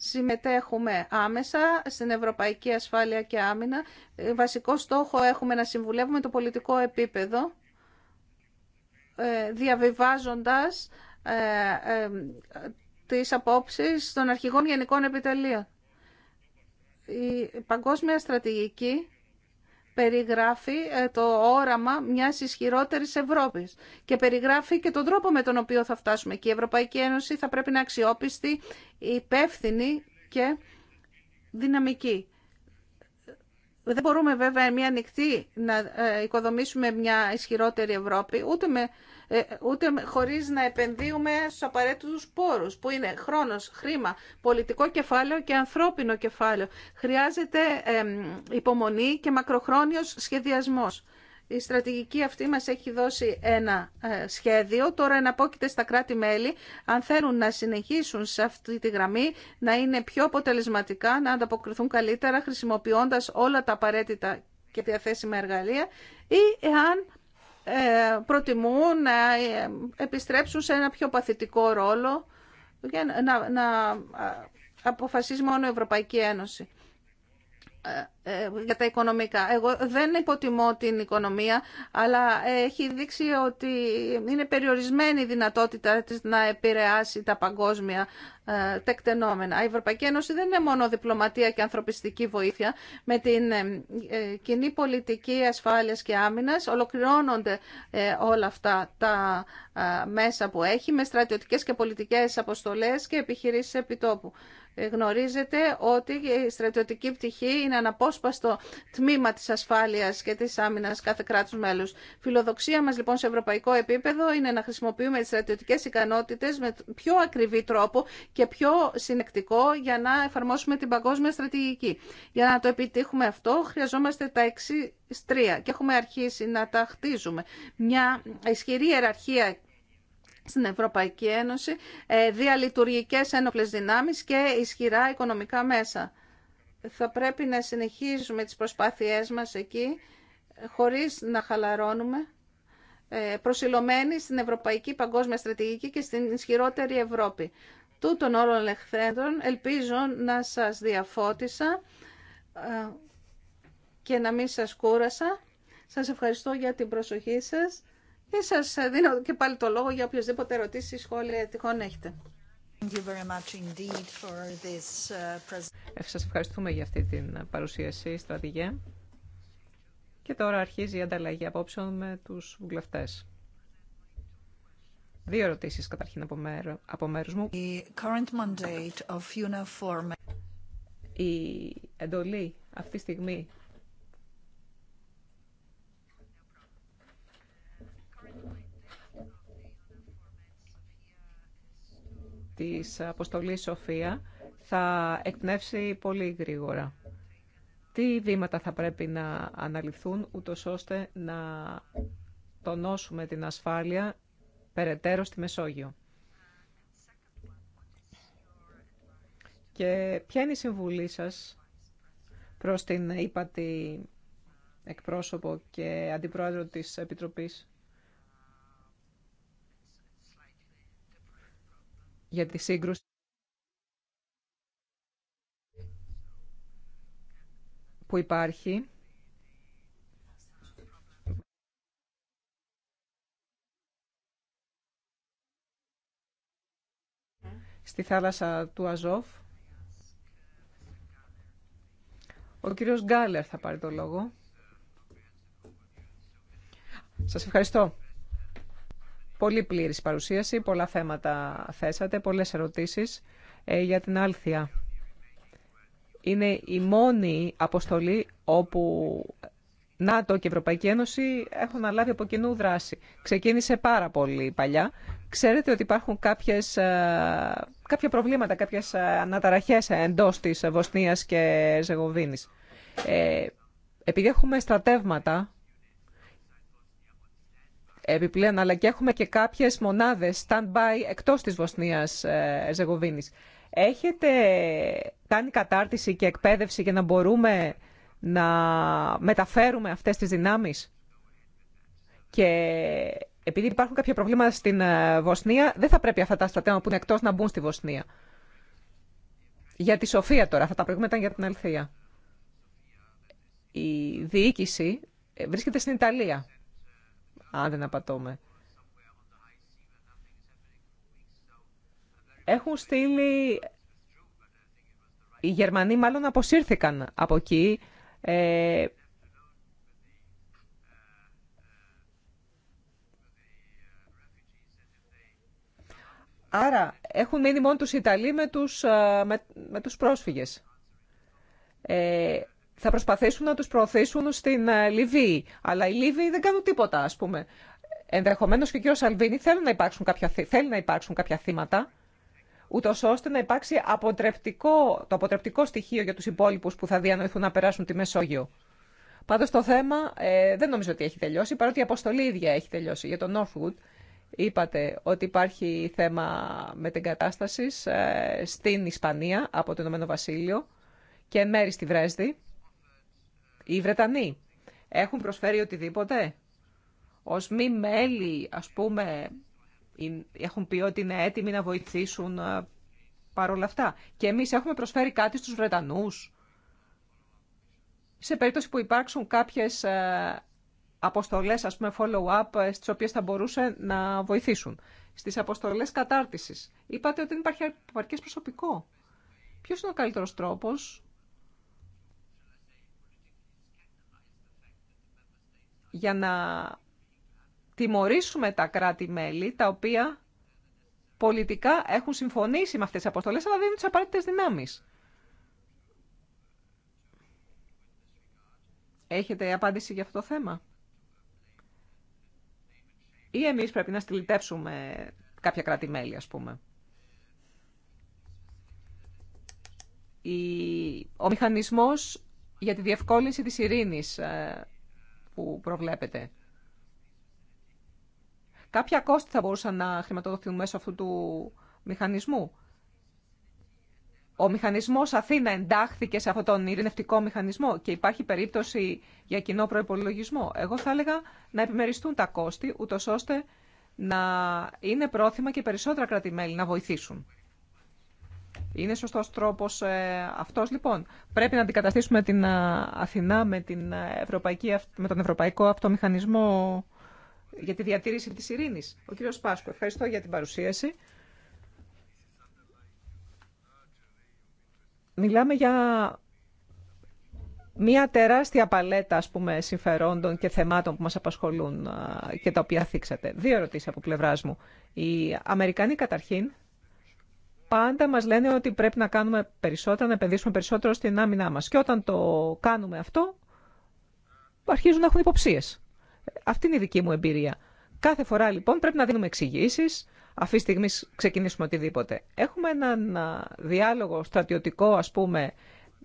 Συμμετέχουμε άμεσα στην Ευρωπαϊκή Ασφάλεια και Άμυνα. Ε, βασικό στόχο έχουμε να συμβουλεύουμε το πολιτικό επίπεδο, ε, διαβιβάζοντας τις απόψεις των αρχηγών γενικών επιτελείων. Η παγκόσμια στρατηγική περιγράφει ε, το όραμα μιας ισχυρότερης Ευρώπης και περιγράφει και τον τρόπο με τον οποίο θα φτάσουμε. Και η Ευρωπαϊκή Ένωση θα πρέπει να αξιόπιστη, υπεύθυνη και δυναμική. Δεν μπορούμε βέβαια μια ανοιχτή να ε, οικοδομήσουμε μια ισχυρότερη Ευρώπη, ούτε με ε, ούτε χωρίς να επενδύουμε στους απαραίτητους πόρους, που είναι χρόνος, χρήμα, πολιτικό κεφάλαιο και ανθρώπινο κεφάλαιο. Χρειάζεται υπομονή και μακροχρόνιος σχεδιασμός. Η στρατηγική αυτή μας έχει δώσει ένα ε, σχέδιο. Τώρα εναπόκειται στα κράτη-μέλη, αν θέλουν να συνεχίσουν σε αυτή τη γραμμή, να είναι πιο αποτελεσματικά, να ανταποκριθούν καλύτερα, χρησιμοποιώντας όλα τα απαραίτητα και διαθέσιμα εργαλεία, ή εάν ε, προτιμούν να ε, επιστρέψουν σε ένα πιο παθητικό ρόλο για να ε, αποφασίσει μόνο η Ευρωπαϊκή Ένωση. Ε, ε, για τα οικονομικά. Εγώ δεν υποτιμώ την οικονομία, αλλά έχει δείξει ότι είναι περιορισμένη η δυνατότητα της να επηρεάσει τα παγκόσμια ε, τεκτενόμενα. Η Ευρωπαϊκή Ένωση δεν είναι μόνο διπλωματία και ανθρωπιστική βοήθεια. Με την κοινή πολιτική ασφάλειας και άμυνας ολοκληρώνονται όλα αυτά τα μέσα που έχει με στρατιωτικές και πολιτικές αποστολές και επιχειρήσεις επιτόπου γνωρίζετε ότι η στρατιωτική πτυχή είναι αναπόσπαστο τμήμα της ασφάλειας και της άμυνας κάθε κράτους μέλους. Φιλοδοξία μας λοιπόν σε ευρωπαϊκό επίπεδο είναι να χρησιμοποιούμε τις στρατιωτικές ικανότητες με πιο ακριβή τρόπο και πιο συνεκτικό για να εφαρμόσουμε την παγκόσμια στρατηγική. Για να το επιτύχουμε αυτό χρειαζόμαστε τα εξή τρία και έχουμε αρχίσει να τα χτίζουμε. Μια ισχυρή ιεραρχία στην Ευρωπαϊκή Ένωση, ε, διαλειτουργικές ένοπλες δυνάμεις και ισχυρά οικονομικά μέσα. Θα πρέπει να συνεχίζουμε τις προσπάθειές μας εκεί, χωρίς να χαλαρώνουμε, ε, προσιλωμένοι στην Ευρωπαϊκή Παγκόσμια Στρατηγική και στην ισχυρότερη Ευρώπη. Τούτων όλων λεχθέντων, ελπίζω να σας διαφώτισα ε, και να μην σας κούρασα. Σας ευχαριστώ για την προσοχή σας και ε, σα δίνω και πάλι το λόγο για οποιασδήποτε για αυτή την παρουσίαση, στρατηγέ. Και τώρα αρχίζει η ανταλλαγή απόψεων με τους βουλευτές. Δύο ερωτήσεις καταρχήν από, μέρου μου. Η εντολή αυτή τη στιγμή της αποστολής Σοφία θα εκπνεύσει πολύ γρήγορα. Τι βήματα θα πρέπει να αναλυθούν ούτως ώστε να τονώσουμε την ασφάλεια περαιτέρω στη Μεσόγειο. Και ποια είναι η συμβουλή σας προς την ύπατη εκπρόσωπο και αντιπρόεδρο της Επιτροπής για τη σύγκρουση. που υπάρχει στη θάλασσα του Αζόφ. Ο κύριος Γκάλερ θα πάρει το λόγο. Σας ευχαριστώ. Πολύ πλήρης παρουσίαση, πολλά θέματα θέσατε, πολλές ερωτήσεις ε, για την Άλθια. Είναι η μόνη αποστολή όπου ΝΑΤΟ και Ευρωπαϊκή Ένωση έχουν αναλάβει από κοινού δράση. Ξεκίνησε πάρα πολύ παλιά. Ξέρετε ότι υπάρχουν κάποιες, ε, κάποια προβλήματα, κάποιες ε, αναταραχές εντός της Βοσνίας και Ζεγοβίνης. Ε, επειδή έχουμε στρατεύματα επιπλέον, αλλά και έχουμε και κάποιες μονάδες stand-by εκτός της Βοσνίας ε, Ζεγοβίνης. Έχετε κάνει κατάρτιση και εκπαίδευση για να μπορούμε να μεταφέρουμε αυτές τις δυνάμεις. Και επειδή υπάρχουν κάποια προβλήματα στην ε, Βοσνία, δεν θα πρέπει αυτά τα στρατεύματα που είναι εκτός να μπουν στη Βοσνία. Για τη Σοφία τώρα, αυτά τα προηγούμενα ήταν για την Αλθεία. Η διοίκηση ε, βρίσκεται στην Ιταλία αν δεν απατώμε. Έχουν στείλει... Οι Γερμανοί μάλλον αποσύρθηκαν από εκεί. Ε, άρα έχουν μείνει μόνο τους Ιταλοί με τους, ε, με, τους πρόσφυγες. Ε θα προσπαθήσουν να τους προωθήσουν στην ε, Λιβύη. Αλλά οι Λίβοι δεν κάνουν τίποτα, ας πούμε. Ενδεχομένως και ο κ. Σαλβίνη θέλει να υπάρξουν κάποια, θέλει να υπάρξουν κάποια θύματα, ούτω ώστε να υπάρξει αποτρεπτικό, το αποτρεπτικό στοιχείο για τους υπόλοιπου που θα διανοηθούν να περάσουν τη Μεσόγειο. Πάντω το θέμα ε, δεν νομίζω ότι έχει τελειώσει, παρότι η αποστολή ίδια έχει τελειώσει. Για τον Northwood είπατε ότι υπάρχει θέμα με μετεγκατάστασης ε, στην Ισπανία από το Ηνωμένο Βασίλειο και μέρη στη Βρέσδη. Οι Βρετανοί έχουν προσφέρει οτιδήποτε ως μη μέλη, ας πούμε, έχουν πει ότι είναι έτοιμοι να βοηθήσουν ε, παρόλα αυτά. Και εμείς έχουμε προσφέρει κάτι στους Βρετανούς. Σε περίπτωση που υπάρξουν κάποιες ε, αποστολές, ας πούμε, follow-up, ε, στις οποίες θα μπορούσε να βοηθήσουν. Στις αποστολές κατάρτισης. Είπατε ότι δεν υπάρχει επαρκές προσωπικό. Ποιος είναι ο καλύτερος τρόπος για να τιμωρήσουμε τα κράτη-μέλη τα οποία πολιτικά έχουν συμφωνήσει με αυτές τις αποστολές αλλά δίνουν τις απαραίτητες δυνάμεις. Έχετε απάντηση για αυτό το θέμα. Ή εμείς πρέπει να στυλιτεύσουμε κάποια κράτη-μέλη, ας πούμε. Ο μηχανισμός για τη διευκόλυνση της ειρήνης ε, που προβλέπετε. Κάποια κόστη θα μπορούσαν να χρηματοδοθούν μέσω αυτού του μηχανισμού. Ο μηχανισμός Αθήνα εντάχθηκε σε αυτόν τον ειρηνευτικό μηχανισμό και υπάρχει περίπτωση για κοινό προϋπολογισμό. Εγώ θα έλεγα να επιμεριστούν τα κόστη, ούτως ώστε να είναι πρόθυμα και περισσότερα κρατημέλη να βοηθήσουν. Είναι σωστός τρόπος ε, αυτός λοιπόν. Πρέπει να αντικαταστήσουμε την ε, Αθηνά με, την ε, Ευρωπαϊκή, με τον Ευρωπαϊκό Αυτομηχανισμό για τη διατήρηση της ειρήνης. Ο κύριος Πάσκου, ευχαριστώ για την παρουσίαση. Μιλάμε για μια τεράστια παλέτα ας πούμε, συμφερόντων και θεμάτων που μας απασχολούν και τα οποία θίξατε. Δύο ερωτήσεις από πλευράς μου. Οι Αμερικανοί καταρχήν πάντα μας λένε ότι πρέπει να κάνουμε περισσότερα, να επενδύσουμε περισσότερο στην άμυνά μας. Και όταν το κάνουμε αυτό, αρχίζουν να έχουν υποψίες. Αυτή είναι η δική μου εμπειρία. Κάθε φορά λοιπόν πρέπει να δίνουμε εξηγήσει. Αυτή τη στιγμή ξεκινήσουμε οτιδήποτε. Έχουμε έναν διάλογο στρατιωτικό, α πούμε,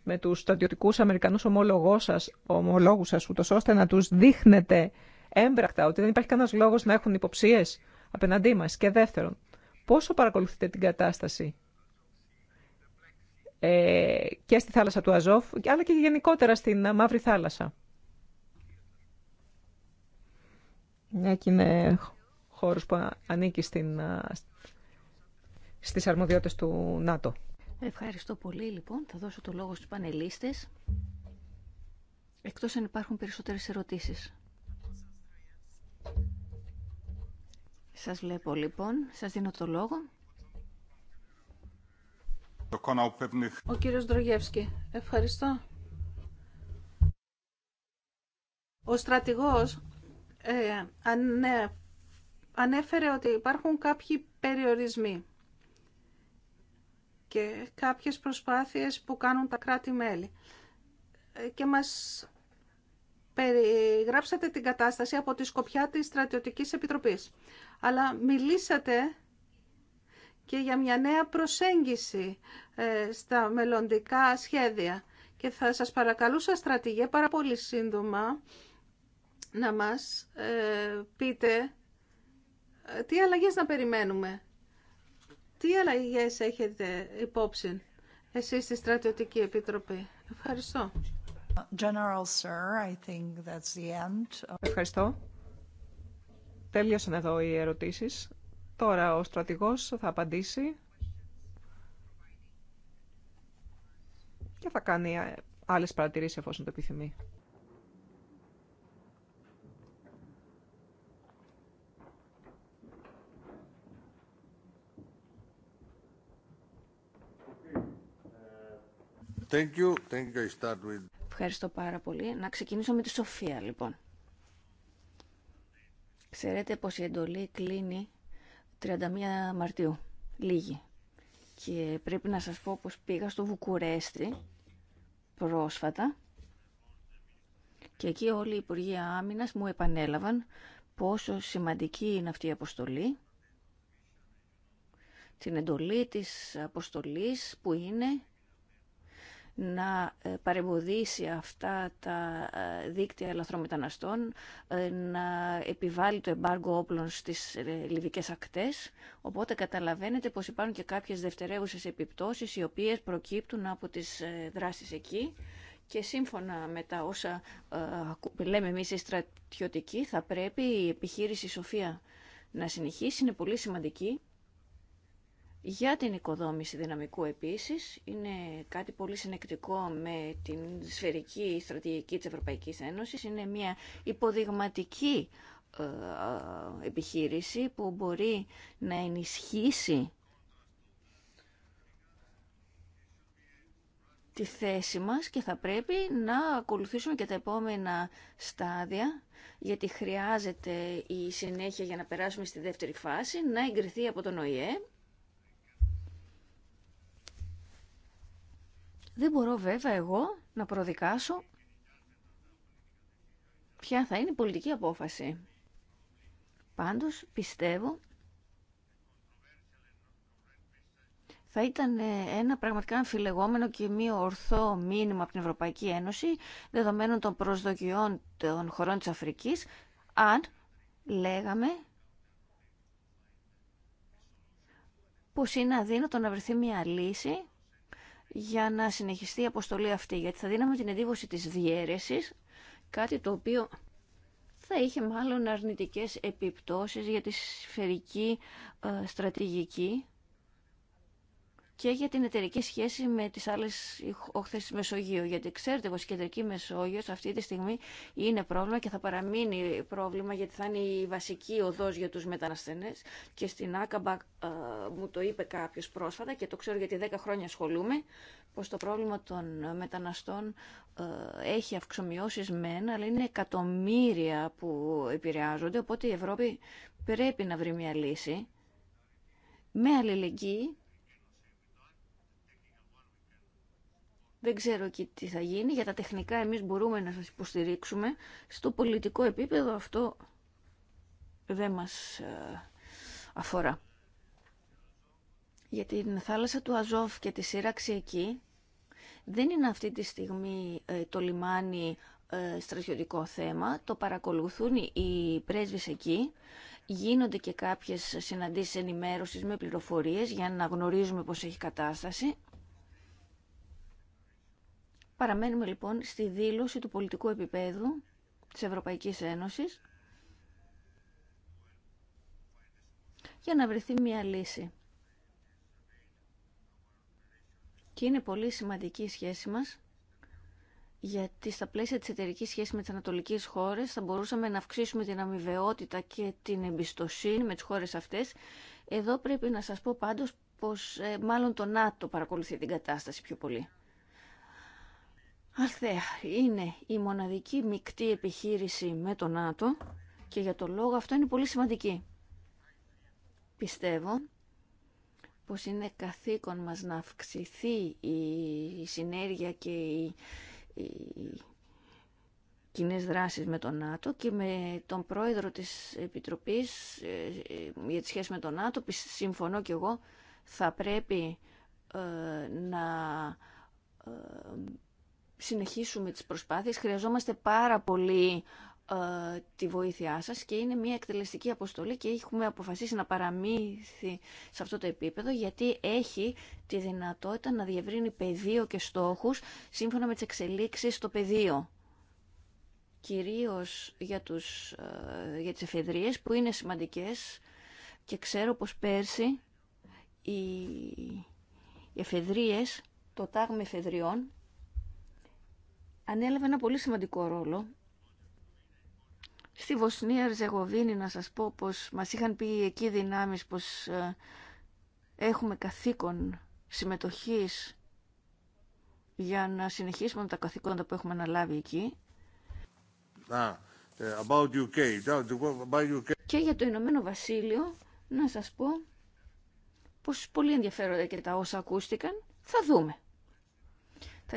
με του στρατιωτικού Αμερικανού ομόλογους σα, ούτω ώστε να του δείχνετε έμπρακτα ότι δεν υπάρχει κανένα λόγο να έχουν υποψίε απέναντί μα Και δεύτερον, Πόσο παρακολουθείτε την κατάσταση ε, και στη θάλασσα του Αζόφ, αλλά και γενικότερα στην Μαύρη Θάλασσα. Μια ναι, και είναι χώρος που ανήκει στην, στις αρμοδιότητες του ΝΑΤΟ. Ευχαριστώ πολύ λοιπόν. Θα δώσω το λόγο στους πανελίστες. Εκτός αν υπάρχουν περισσότερες ερωτήσεις. Σας βλέπω λοιπόν. Σας δίνω το λόγο. Ο κύριος Ντρογεύσκη. Ευχαριστώ. Ο στρατηγός ε, ανέφερε ότι υπάρχουν κάποιοι περιορισμοί και κάποιες προσπάθειες που κάνουν τα κράτη-μέλη ε, και μας περιγράψατε την κατάσταση από τη σκοπιά της Στρατιωτικής Επιτροπής. Αλλά μιλήσατε και για μια νέα προσέγγιση ε, στα μελλοντικά σχέδια. Και θα σας παρακαλούσα, στρατηγέ, πάρα πολύ σύντομα να μας ε, πείτε ε, τι αλλαγές να περιμένουμε. Τι αλλαγές έχετε υπόψη εσείς στη Στρατιωτική Επιτροπή. Ευχαριστώ. General, sir, I think that's the end. Ευχαριστώ. Τέλειωσαν εδώ οι ερωτήσεις. Τώρα ο στρατηγός θα απαντήσει και θα κάνει άλλες παρατηρήσεις εφόσον το επιθυμεί. Thank you. Thank you. I start with... Ευχαριστώ πάρα πολύ. Να ξεκινήσω με τη Σοφία, λοιπόν. Ξέρετε πως η εντολή κλείνει 31 Μαρτίου. Λίγη. Και πρέπει να σας πω πως πήγα στο Βουκουρέστι πρόσφατα και εκεί όλοι οι Υπουργοί Άμυνας μου επανέλαβαν πόσο σημαντική είναι αυτή η αποστολή, την εντολή της αποστολής που είναι να ε, παρεμποδίσει αυτά τα ε, δίκτυα ελαθρομεταναστών, ε, να επιβάλλει το εμπάργκο όπλων στις λιβικές ακτές. Οπότε καταλαβαίνετε πως υπάρχουν και κάποιες δευτερεύουσες επιπτώσεις οι οποίες προκύπτουν από τις δράσεις εκεί και σύμφωνα με τα όσα λέμε εμείς οι στρατιωτικοί θα πρέπει η επιχείρηση Σοφία να συνεχίσει. Είναι πολύ σημαντική για την οικοδόμηση δυναμικού επίσης. Είναι κάτι πολύ συνεκτικό με την σφαιρική στρατηγική της Ευρωπαϊκής Ένωσης. Είναι μια υποδειγματική ε, επιχείρηση που μπορεί να ενισχύσει τη θέση μας και θα πρέπει να ακολουθήσουμε και τα επόμενα στάδια γιατί χρειάζεται η συνέχεια για να περάσουμε στη δεύτερη φάση να εγκριθεί από τον ΟΗΕ Δεν μπορώ βέβαια εγώ να προδικάσω ποια θα είναι η πολιτική απόφαση. Πάντως πιστεύω θα ήταν ε, ένα πραγματικά αμφιλεγόμενο και μη ορθό μήνυμα από την Ευρωπαϊκή Ένωση δεδομένων των προσδοκιών των χωρών της Αφρικής αν λέγαμε πως είναι αδύνατο να βρεθεί μια λύση για να συνεχιστεί η αποστολή αυτή, γιατί θα δίναμε την εντύπωση της διέρεσης, κάτι το οποίο θα είχε μάλλον αρνητικές επιπτώσεις για τη σφαιρική ε, στρατηγική και για την εταιρική σχέση με τις άλλες όχθες Μεσογείου. Γιατί ξέρετε πως η κεντρική Μεσόγειος αυτή τη στιγμή είναι πρόβλημα και θα παραμείνει πρόβλημα γιατί θα είναι η βασική οδός για τους μεταναστενές. Και στην Άκαμπα μου το είπε κάποιος πρόσφατα και το ξέρω γιατί 10 χρόνια ασχολούμαι πως το πρόβλημα των μεταναστών έχει αυξομοιώσεις μεν, αλλά είναι εκατομμύρια που επηρεάζονται, οπότε η Ευρώπη πρέπει να βρει μια λύση με αλληλεγγύη Δεν ξέρω και τι θα γίνει. Για τα τεχνικά εμείς μπορούμε να σας υποστηρίξουμε. Στο πολιτικό επίπεδο αυτό δεν μας ε, αφορά. Για την θάλασσα του Αζόφ και τη σύραξη εκεί δεν είναι αυτή τη στιγμή ε, το λιμάνι ε, στρατιωτικό θέμα. Το παρακολουθούν οι πρέσβεις εκεί. Γίνονται και κάποιες συναντήσεις ενημέρωσης με πληροφορίες για να γνωρίζουμε πώς έχει κατάσταση. Παραμένουμε λοιπόν στη δήλωση του πολιτικού επίπεδου της Ευρωπαϊκής Ένωσης για να βρεθεί μια λύση. Και είναι πολύ σημαντική η σχέση μας γιατί στα πλαίσια της εταιρικής σχέσης με τις ανατολικές χώρες θα μπορούσαμε να αυξήσουμε την αμοιβαιότητα και την εμπιστοσύνη με τις χώρες αυτές. Εδώ πρέπει να σας πω πάντως πως ε, μάλλον το ΝΑΤΟ παρακολουθεί την κατάσταση πιο πολύ. Αλθέα είναι η μοναδική μεικτή επιχείρηση με το ΝΑΤΟ και για το λόγο αυτό είναι πολύ σημαντική. Πιστεύω πως είναι καθήκον μας να αυξηθεί η συνέργεια και οι, κοινέ δράσεις με τον ΝΑΤΟ και με τον πρόεδρο της Επιτροπής ε, ε, για τις σχέσεις με τον ΝΑΤΟ, συμφωνώ και εγώ, θα πρέπει ε, να συνεχίσουμε τις προσπάθειες. Χρειαζόμαστε πάρα πολύ ε, τη βοήθειά σας και είναι μια εκτελεστική αποστολή και έχουμε αποφασίσει να παραμείνει σε αυτό το επίπεδο γιατί έχει τη δυνατότητα να διευρύνει πεδίο και στόχους σύμφωνα με τις εξελίξεις στο πεδίο κυρίως για, τους, ε, για τις εφεδρίες που είναι σημαντικές και ξέρω πως πέρσι οι εφεδρίες, το τάγμα εφεδριών ανέλαβε ένα πολύ σημαντικό ρόλο. Στη Βοσνία Ερζεγοβίνη να σας πω πως μας είχαν πει εκεί δυνάμεις πως ε, έχουμε καθήκον συμμετοχής για να συνεχίσουμε με τα καθήκοντα που έχουμε αναλάβει εκεί. Ah, eh, about Και για το Ηνωμένο Βασίλειο να σας πω πως πολύ ενδιαφέρονται και τα όσα ακούστηκαν. Θα δούμε.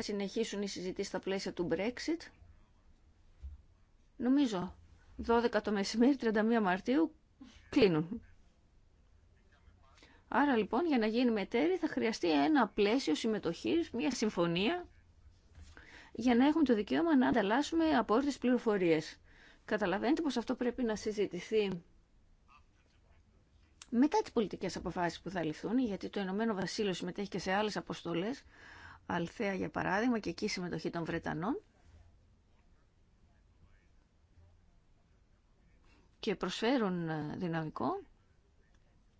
Θα συνεχίσουν οι συζητήσεις στα πλαίσια του Brexit. Νομίζω 12 το μεσημέρι, 31 Μαρτίου, κλείνουν. Άρα λοιπόν για να γίνει μετέρη θα χρειαστεί ένα πλαίσιο συμμετοχής, μια συμφωνία για να έχουμε το δικαίωμα να ανταλλάσσουμε απόρριτες πληροφορίες. Καταλαβαίνετε πως αυτό πρέπει να συζητηθεί μετά τις πολιτικές αποφάσεις που θα ληφθούν, γιατί το Ηνωμένο Βασίλειο συμμετέχει και σε άλλες αποστολές, Αλθέα για παράδειγμα και εκεί η συμμετοχή των Βρετανών και προσφέρουν ε, δυναμικό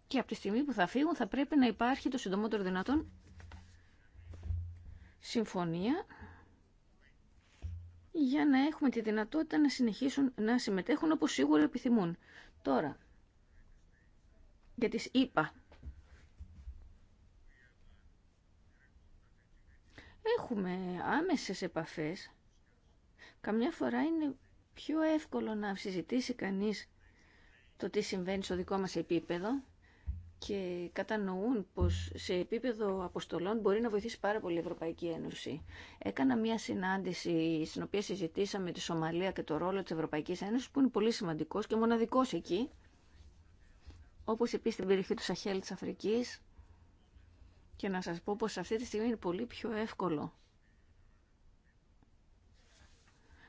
και από τη στιγμή που θα φύγουν θα πρέπει να υπάρχει το συντομότερο δυνατόν συμφωνία για να έχουμε τη δυνατότητα να συνεχίσουν να συμμετέχουν όπως σίγουρα επιθυμούν. Τώρα, για τις ΕΠΑ έχουμε άμεσες επαφές. Καμιά φορά είναι πιο εύκολο να συζητήσει κανείς το τι συμβαίνει στο δικό μας επίπεδο και κατανοούν πως σε επίπεδο αποστολών μπορεί να βοηθήσει πάρα πολύ η Ευρωπαϊκή Ένωση. Έκανα μια συνάντηση στην οποία συζητήσαμε τη Σομαλία και το ρόλο της Ευρωπαϊκής Ένωσης που είναι πολύ σημαντικός και μοναδικός εκεί όπως επίσης στην περιοχή του Σαχέλ της Αφρικής και να σας πω πως αυτή τη στιγμή είναι πολύ πιο εύκολο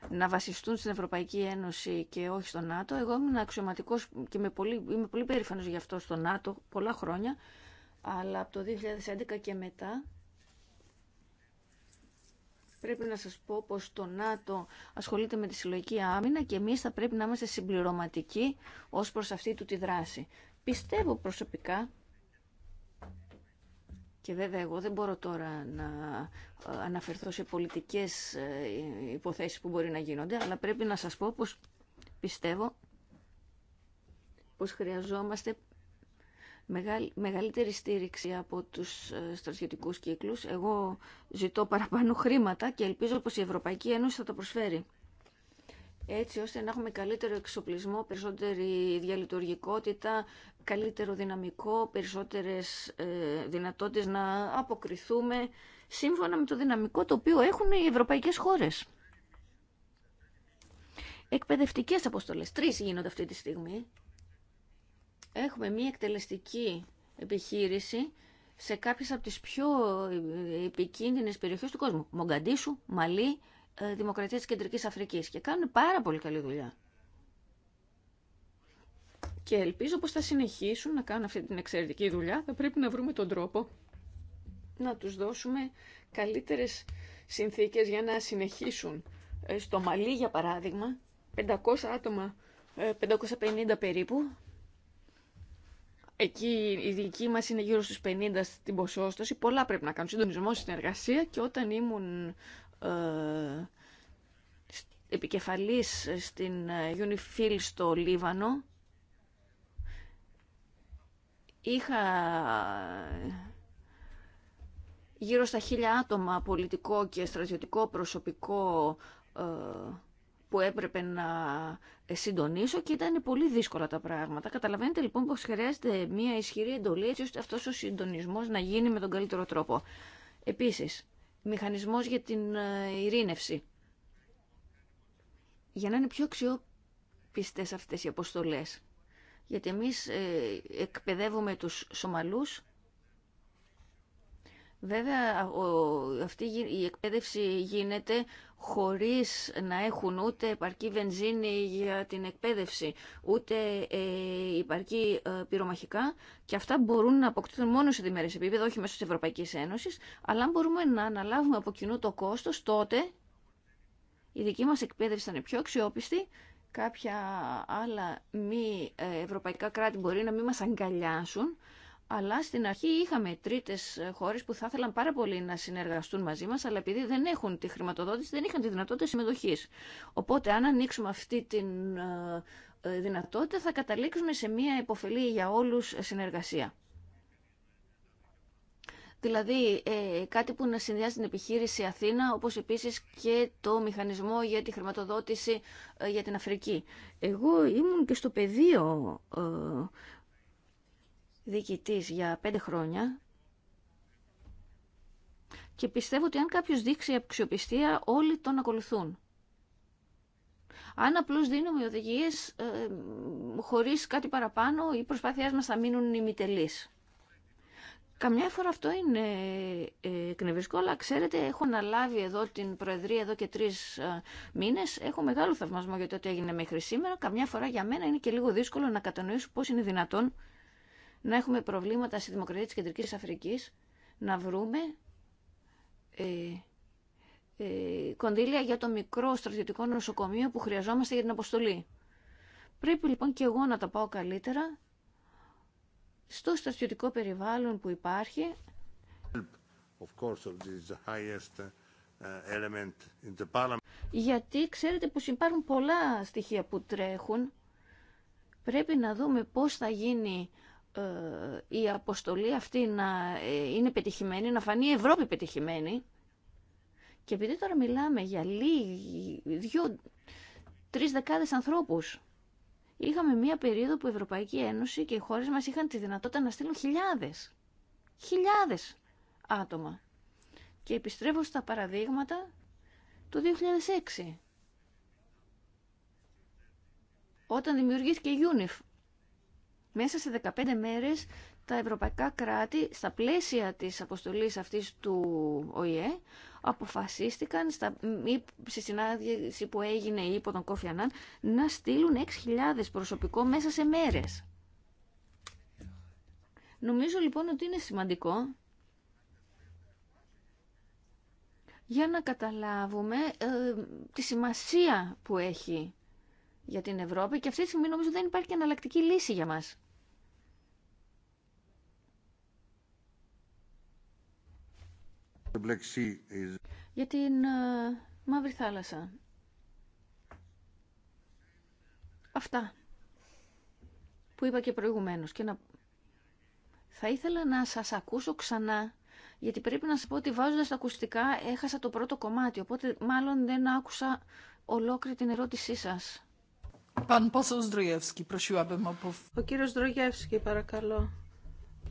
να βασιστούν στην Ευρωπαϊκή Ένωση και όχι στο ΝΑΤΟ. Εγώ ήμουν αξιωματικό και είμαι πολύ, είμαι πολύ περήφανος γι' αυτό στο ΝΑΤΟ πολλά χρόνια, αλλά από το 2011 και μετά πρέπει να σας πω πως το ΝΑΤΟ ασχολείται με τη συλλογική άμυνα και εμείς θα πρέπει να είμαστε συμπληρωματικοί ως προς αυτή του τη δράση. Πιστεύω προσωπικά και βέβαια εγώ δεν μπορώ τώρα να ε, αναφερθώ σε πολιτικές ε, υποθέσεις που μπορεί να γίνονται, αλλά πρέπει να σας πω πως πιστεύω πως χρειαζόμαστε μεγαλύτερη στήριξη από τους ε, στρατιωτικούς κύκλους. Εγώ ζητώ παραπάνω χρήματα και ελπίζω πως η Ευρωπαϊκή Ένωση θα τα προσφέρει έτσι ώστε να έχουμε καλύτερο εξοπλισμό, περισσότερη διαλειτουργικότητα, καλύτερο δυναμικό, περισσότερες ε, δυνατότητες να αποκριθούμε σύμφωνα με το δυναμικό το οποίο έχουν οι ευρωπαϊκές χώρες. Εκπαιδευτικές αποστολές. Τρεις γίνονται αυτή τη στιγμή. Έχουμε μία εκτελεστική επιχείρηση σε κάποιες από τις πιο επικίνδυνες περιοχές του κόσμου. Μογκαντήσου, Μαλή, ε, Δημοκρατία της Κεντρικής Αφρικής και κάνουν πάρα πολύ καλή δουλειά. Και ελπίζω πως θα συνεχίσουν να κάνουν αυτή την εξαιρετική δουλειά. Θα πρέπει να βρούμε τον τρόπο να τους δώσουμε καλύτερες συνθήκες για να συνεχίσουν. Ε, στο Μαλί, για παράδειγμα, 500 άτομα, 550 ε, περίπου, Εκεί η δική μας είναι γύρω στους 50 στην ποσόστοση. Πολλά πρέπει να κάνουν. Συντονισμό, συνεργασία και όταν ήμουν ε, επικεφαλής στην ε, UNIFIL στο Λίβανο. Είχα ε, γύρω στα χίλια άτομα πολιτικό και στρατιωτικό προσωπικό που έπρεπε να συντονίσω και ήταν πολύ δύσκολα τα πράγματα. Καταλαβαίνετε λοιπόν πως χρειάζεται μια ισχυρή εντολή έτσι ώστε αυτός ο συντονισμός να γίνει με τον καλύτερο τρόπο. Επίσης, μηχανισμός για την ε, ειρήνευση. Για να είναι πιο αξιόπιστες αυτές οι αποστολές. Γιατί εμείς ε, εκπαιδεύουμε τους Σομαλούς. Βέβαια, αυτή η εκπαίδευση γίνεται χωρίς να έχουν ούτε επαρκή βενζίνη για την εκπαίδευση, ούτε υπαρκή ε, ε, πυρομαχικά και αυτά μπορούν να αποκτηθούν μόνο σε διμερές επίπεδο, όχι μέσω της Ευρωπαϊκής Ένωσης, αλλά αν μπορούμε να αναλάβουμε από κοινού το κόστος, τότε η δική μας εκπαίδευση θα είναι πιο αξιόπιστη, κάποια άλλα μη ε, ευρωπαϊκά κράτη μπορεί να μην μας αγκαλιάσουν αλλά στην αρχή είχαμε τρίτε χώρες που θα ήθελαν πάρα πολύ να συνεργαστούν μαζί μας, αλλά επειδή δεν έχουν τη χρηματοδότηση, δεν είχαν τη δυνατότητα συμμετοχής. Οπότε αν ανοίξουμε αυτή τη ε, ε, δυνατότητα θα καταλήξουμε σε μια υποφελή για όλους συνεργασία. Δηλαδή ε, κάτι που να συνδυάζει την επιχείρηση Αθήνα, όπως επίσης και το μηχανισμό για τη χρηματοδότηση ε, για την Αφρική. Εγώ ήμουν και στο πεδίο διοικητής για πέντε χρόνια και πιστεύω ότι αν κάποιος δείξει αξιοπιστία όλοι τον ακολουθούν. Αν απλώς δίνουμε οδηγίες ε, χωρίς κάτι παραπάνω, οι προσπάθειές μας θα μείνουν ημιτελείς. Καμιά φορά αυτό είναι ε, εκνευριστικό, αλλά ξέρετε, έχω αναλάβει εδώ την Προεδρία εδώ και τρει ε, μήνε. Έχω μεγάλο θαυμασμό για το τι έγινε μέχρι σήμερα. Καμιά φορά για μένα είναι και λίγο δύσκολο να κατανοήσω πώ είναι δυνατόν να έχουμε προβλήματα στη δημοκρατία της Κεντρικής Αφρικής, να βρούμε ε, ε, κονδύλια για το μικρό στρατιωτικό νοσοκομείο που χρειαζόμαστε για την αποστολή. Πρέπει λοιπόν και εγώ να τα πάω καλύτερα στο στρατιωτικό περιβάλλον που υπάρχει. Γιατί ξέρετε πως υπάρχουν πολλά στοιχεία που τρέχουν. Πρέπει να δούμε πώς θα γίνει ε, η αποστολή αυτή να ε, είναι πετυχημένη, να φανεί η Ευρώπη πετυχημένη. Και επειδή τώρα μιλάμε για λίγοι, δύο, τρεις δεκάδες ανθρώπους, είχαμε μία περίοδο που η Ευρωπαϊκή Ένωση και οι χώρες μας είχαν τη δυνατότητα να στείλουν χιλιάδες, χιλιάδες άτομα. Και επιστρέφω στα παραδείγματα του 2006, όταν δημιουργήθηκε η UNIF, μέσα σε 15 μέρες τα ευρωπαϊκά κράτη στα πλαίσια της αποστολής αυτής του ΟΗΕ αποφασίστηκαν στα, στη συνάντηση που έγινε υπό τον Κόφι να στείλουν 6.000 προσωπικό μέσα σε μέρες. Νομίζω λοιπόν ότι είναι σημαντικό για να καταλάβουμε ε, τη σημασία που έχει για την Ευρώπη και αυτή τη στιγμή νομίζω δεν υπάρχει και αναλλακτική λύση για μας. για την ε, Μαύρη Θάλασσα. Αυτά που είπα και προηγουμένως και θα ήθελα να σας ακούσω ξανά γιατί πρέπει να σας πω ότι βάζοντας τα ακουστικά έχασα το πρώτο κομμάτι οπότε μάλλον δεν άκουσα ολόκληρη την ερώτησή σας. Ο κύριος Δρογεύσκη παρακαλώ.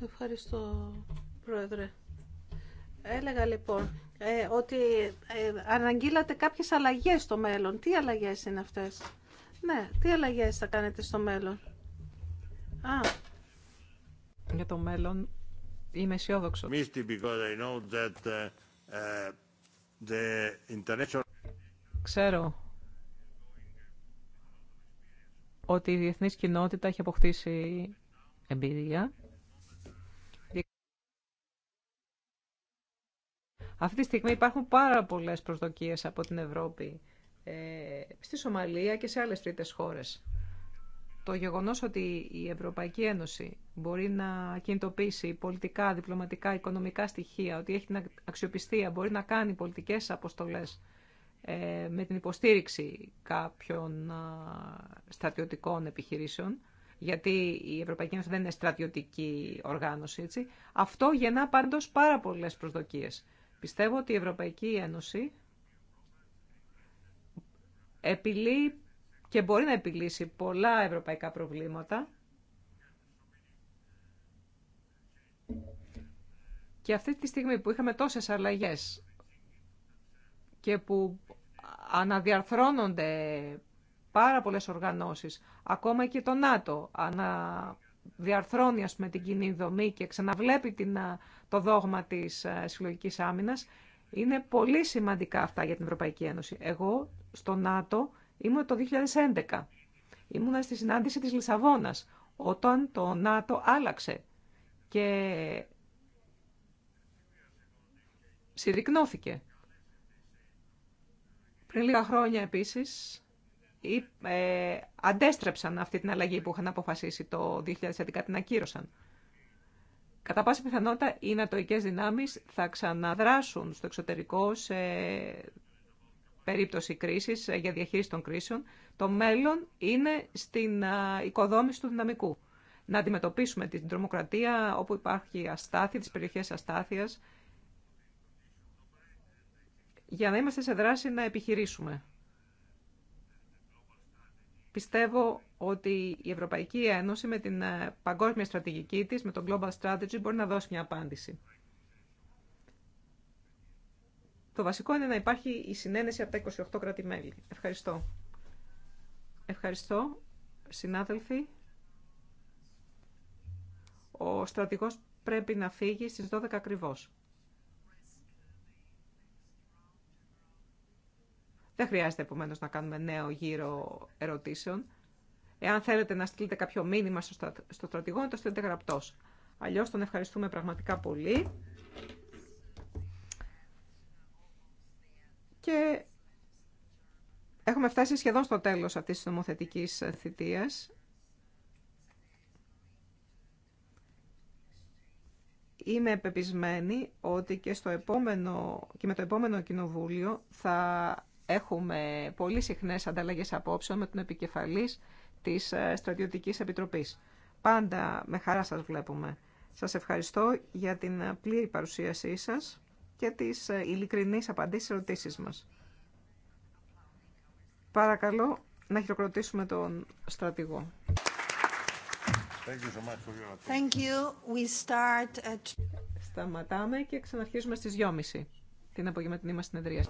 Ευχαριστώ πρόεδρε. Έλεγα λοιπόν ε, ότι ε, αναγγείλατε κάποιες αλλαγές στο μέλλον. Τι αλλαγές είναι αυτές. Ναι, τι αλλαγές θα κάνετε στο μέλλον. Α. Για το μέλλον είμαι αισιόδοξο. Ε, ε, Ξέρω ότι η διεθνής κοινότητα έχει αποκτήσει εμπειρία Αυτή τη στιγμή υπάρχουν πάρα πολλέ προσδοκίε από την Ευρώπη ε, στη Σομαλία και σε άλλε τρίτε χώρε. Το γεγονό ότι η Ευρωπαϊκή Ένωση μπορεί να κινητοποιήσει πολιτικά, διπλωματικά, οικονομικά στοιχεία, ότι έχει την αξιοπιστία, μπορεί να κάνει πολιτικές αποστολές ε, με την υποστήριξη κάποιων στρατιωτικών επιχειρήσεων, γιατί η Ευρωπαϊκή Ένωση δεν είναι στρατιωτική οργάνωση, έτσι. Αυτό γεννά πάντως πάρα πολλές προσδοκίες. Πιστεύω ότι η Ευρωπαϊκή Ένωση επιλύει και μπορεί να επιλύσει πολλά ευρωπαϊκά προβλήματα και αυτή τη στιγμή που είχαμε τόσες αλλαγές και που αναδιαρθρώνονται πάρα πολλές οργανώσεις, ακόμα και το ΝΑΤΟ ανα διαρθρώνει ας πούμε, την κοινή δομή και ξαναβλέπει την, το δόγμα της συλλογικής άμυνας, είναι πολύ σημαντικά αυτά για την Ευρωπαϊκή Ένωση. Εγώ στο ΝΑΤΟ ήμουν το 2011. Ήμουν στη συνάντηση της Λισαβόνας, όταν το ΝΑΤΟ άλλαξε και συρρυκνώθηκε. Πριν λίγα χρόνια επίσης ε, αντέστρεψαν αυτή την αλλαγή που είχαν αποφασίσει το 2011, την ακύρωσαν. Κατά πάση πιθανότητα, οι νατοικές δυνάμεις θα ξαναδράσουν στο εξωτερικό σε περίπτωση κρίσης, ε, για διαχείριση των κρίσεων. Το μέλλον είναι στην ε, οικοδόμηση του δυναμικού. Να αντιμετωπίσουμε την τρομοκρατία όπου υπάρχει αστάθεια, τις περιοχές αστάθειας, για να είμαστε σε δράση να επιχειρήσουμε. Πιστεύω ότι η Ευρωπαϊκή Ένωση με την ε, παγκόσμια στρατηγική της, με τον Global Strategy, μπορεί να δώσει μια απάντηση. Το βασικό είναι να υπάρχει η συνένεση από τα 28 κράτη-μέλη. Ευχαριστώ. Ευχαριστώ, συνάδελφοι. Ο στρατηγός πρέπει να φύγει στις 12 ακριβώς. Δεν χρειάζεται επομένω να κάνουμε νέο γύρο ερωτήσεων. Εάν θέλετε να στείλετε κάποιο μήνυμα στο στρατηγό, να το στείλετε γραπτό. Αλλιώ τον ευχαριστούμε πραγματικά πολύ. Και έχουμε φτάσει σχεδόν στο τέλος αυτής της νομοθετικής θητείας. Είμαι πεπισμένη ότι και, στο επόμενο, και με το επόμενο κοινοβούλιο θα Έχουμε πολύ συχνές ανταλλαγές απόψεων με τον επικεφαλής της ε, Στρατιωτικής Επιτροπής. Πάντα με χαρά σας βλέπουμε. Σας ευχαριστώ για την ε, πλήρη παρουσίασή σας και τις ε, ειλικρινείς απαντήσεις στις ερωτήσεις μας. Παρακαλώ να χειροκροτήσουμε τον στρατηγό. We start at... Σταματάμε και ξαναρχίζουμε στις 2.30 την απογευματινή μας συνεδρία.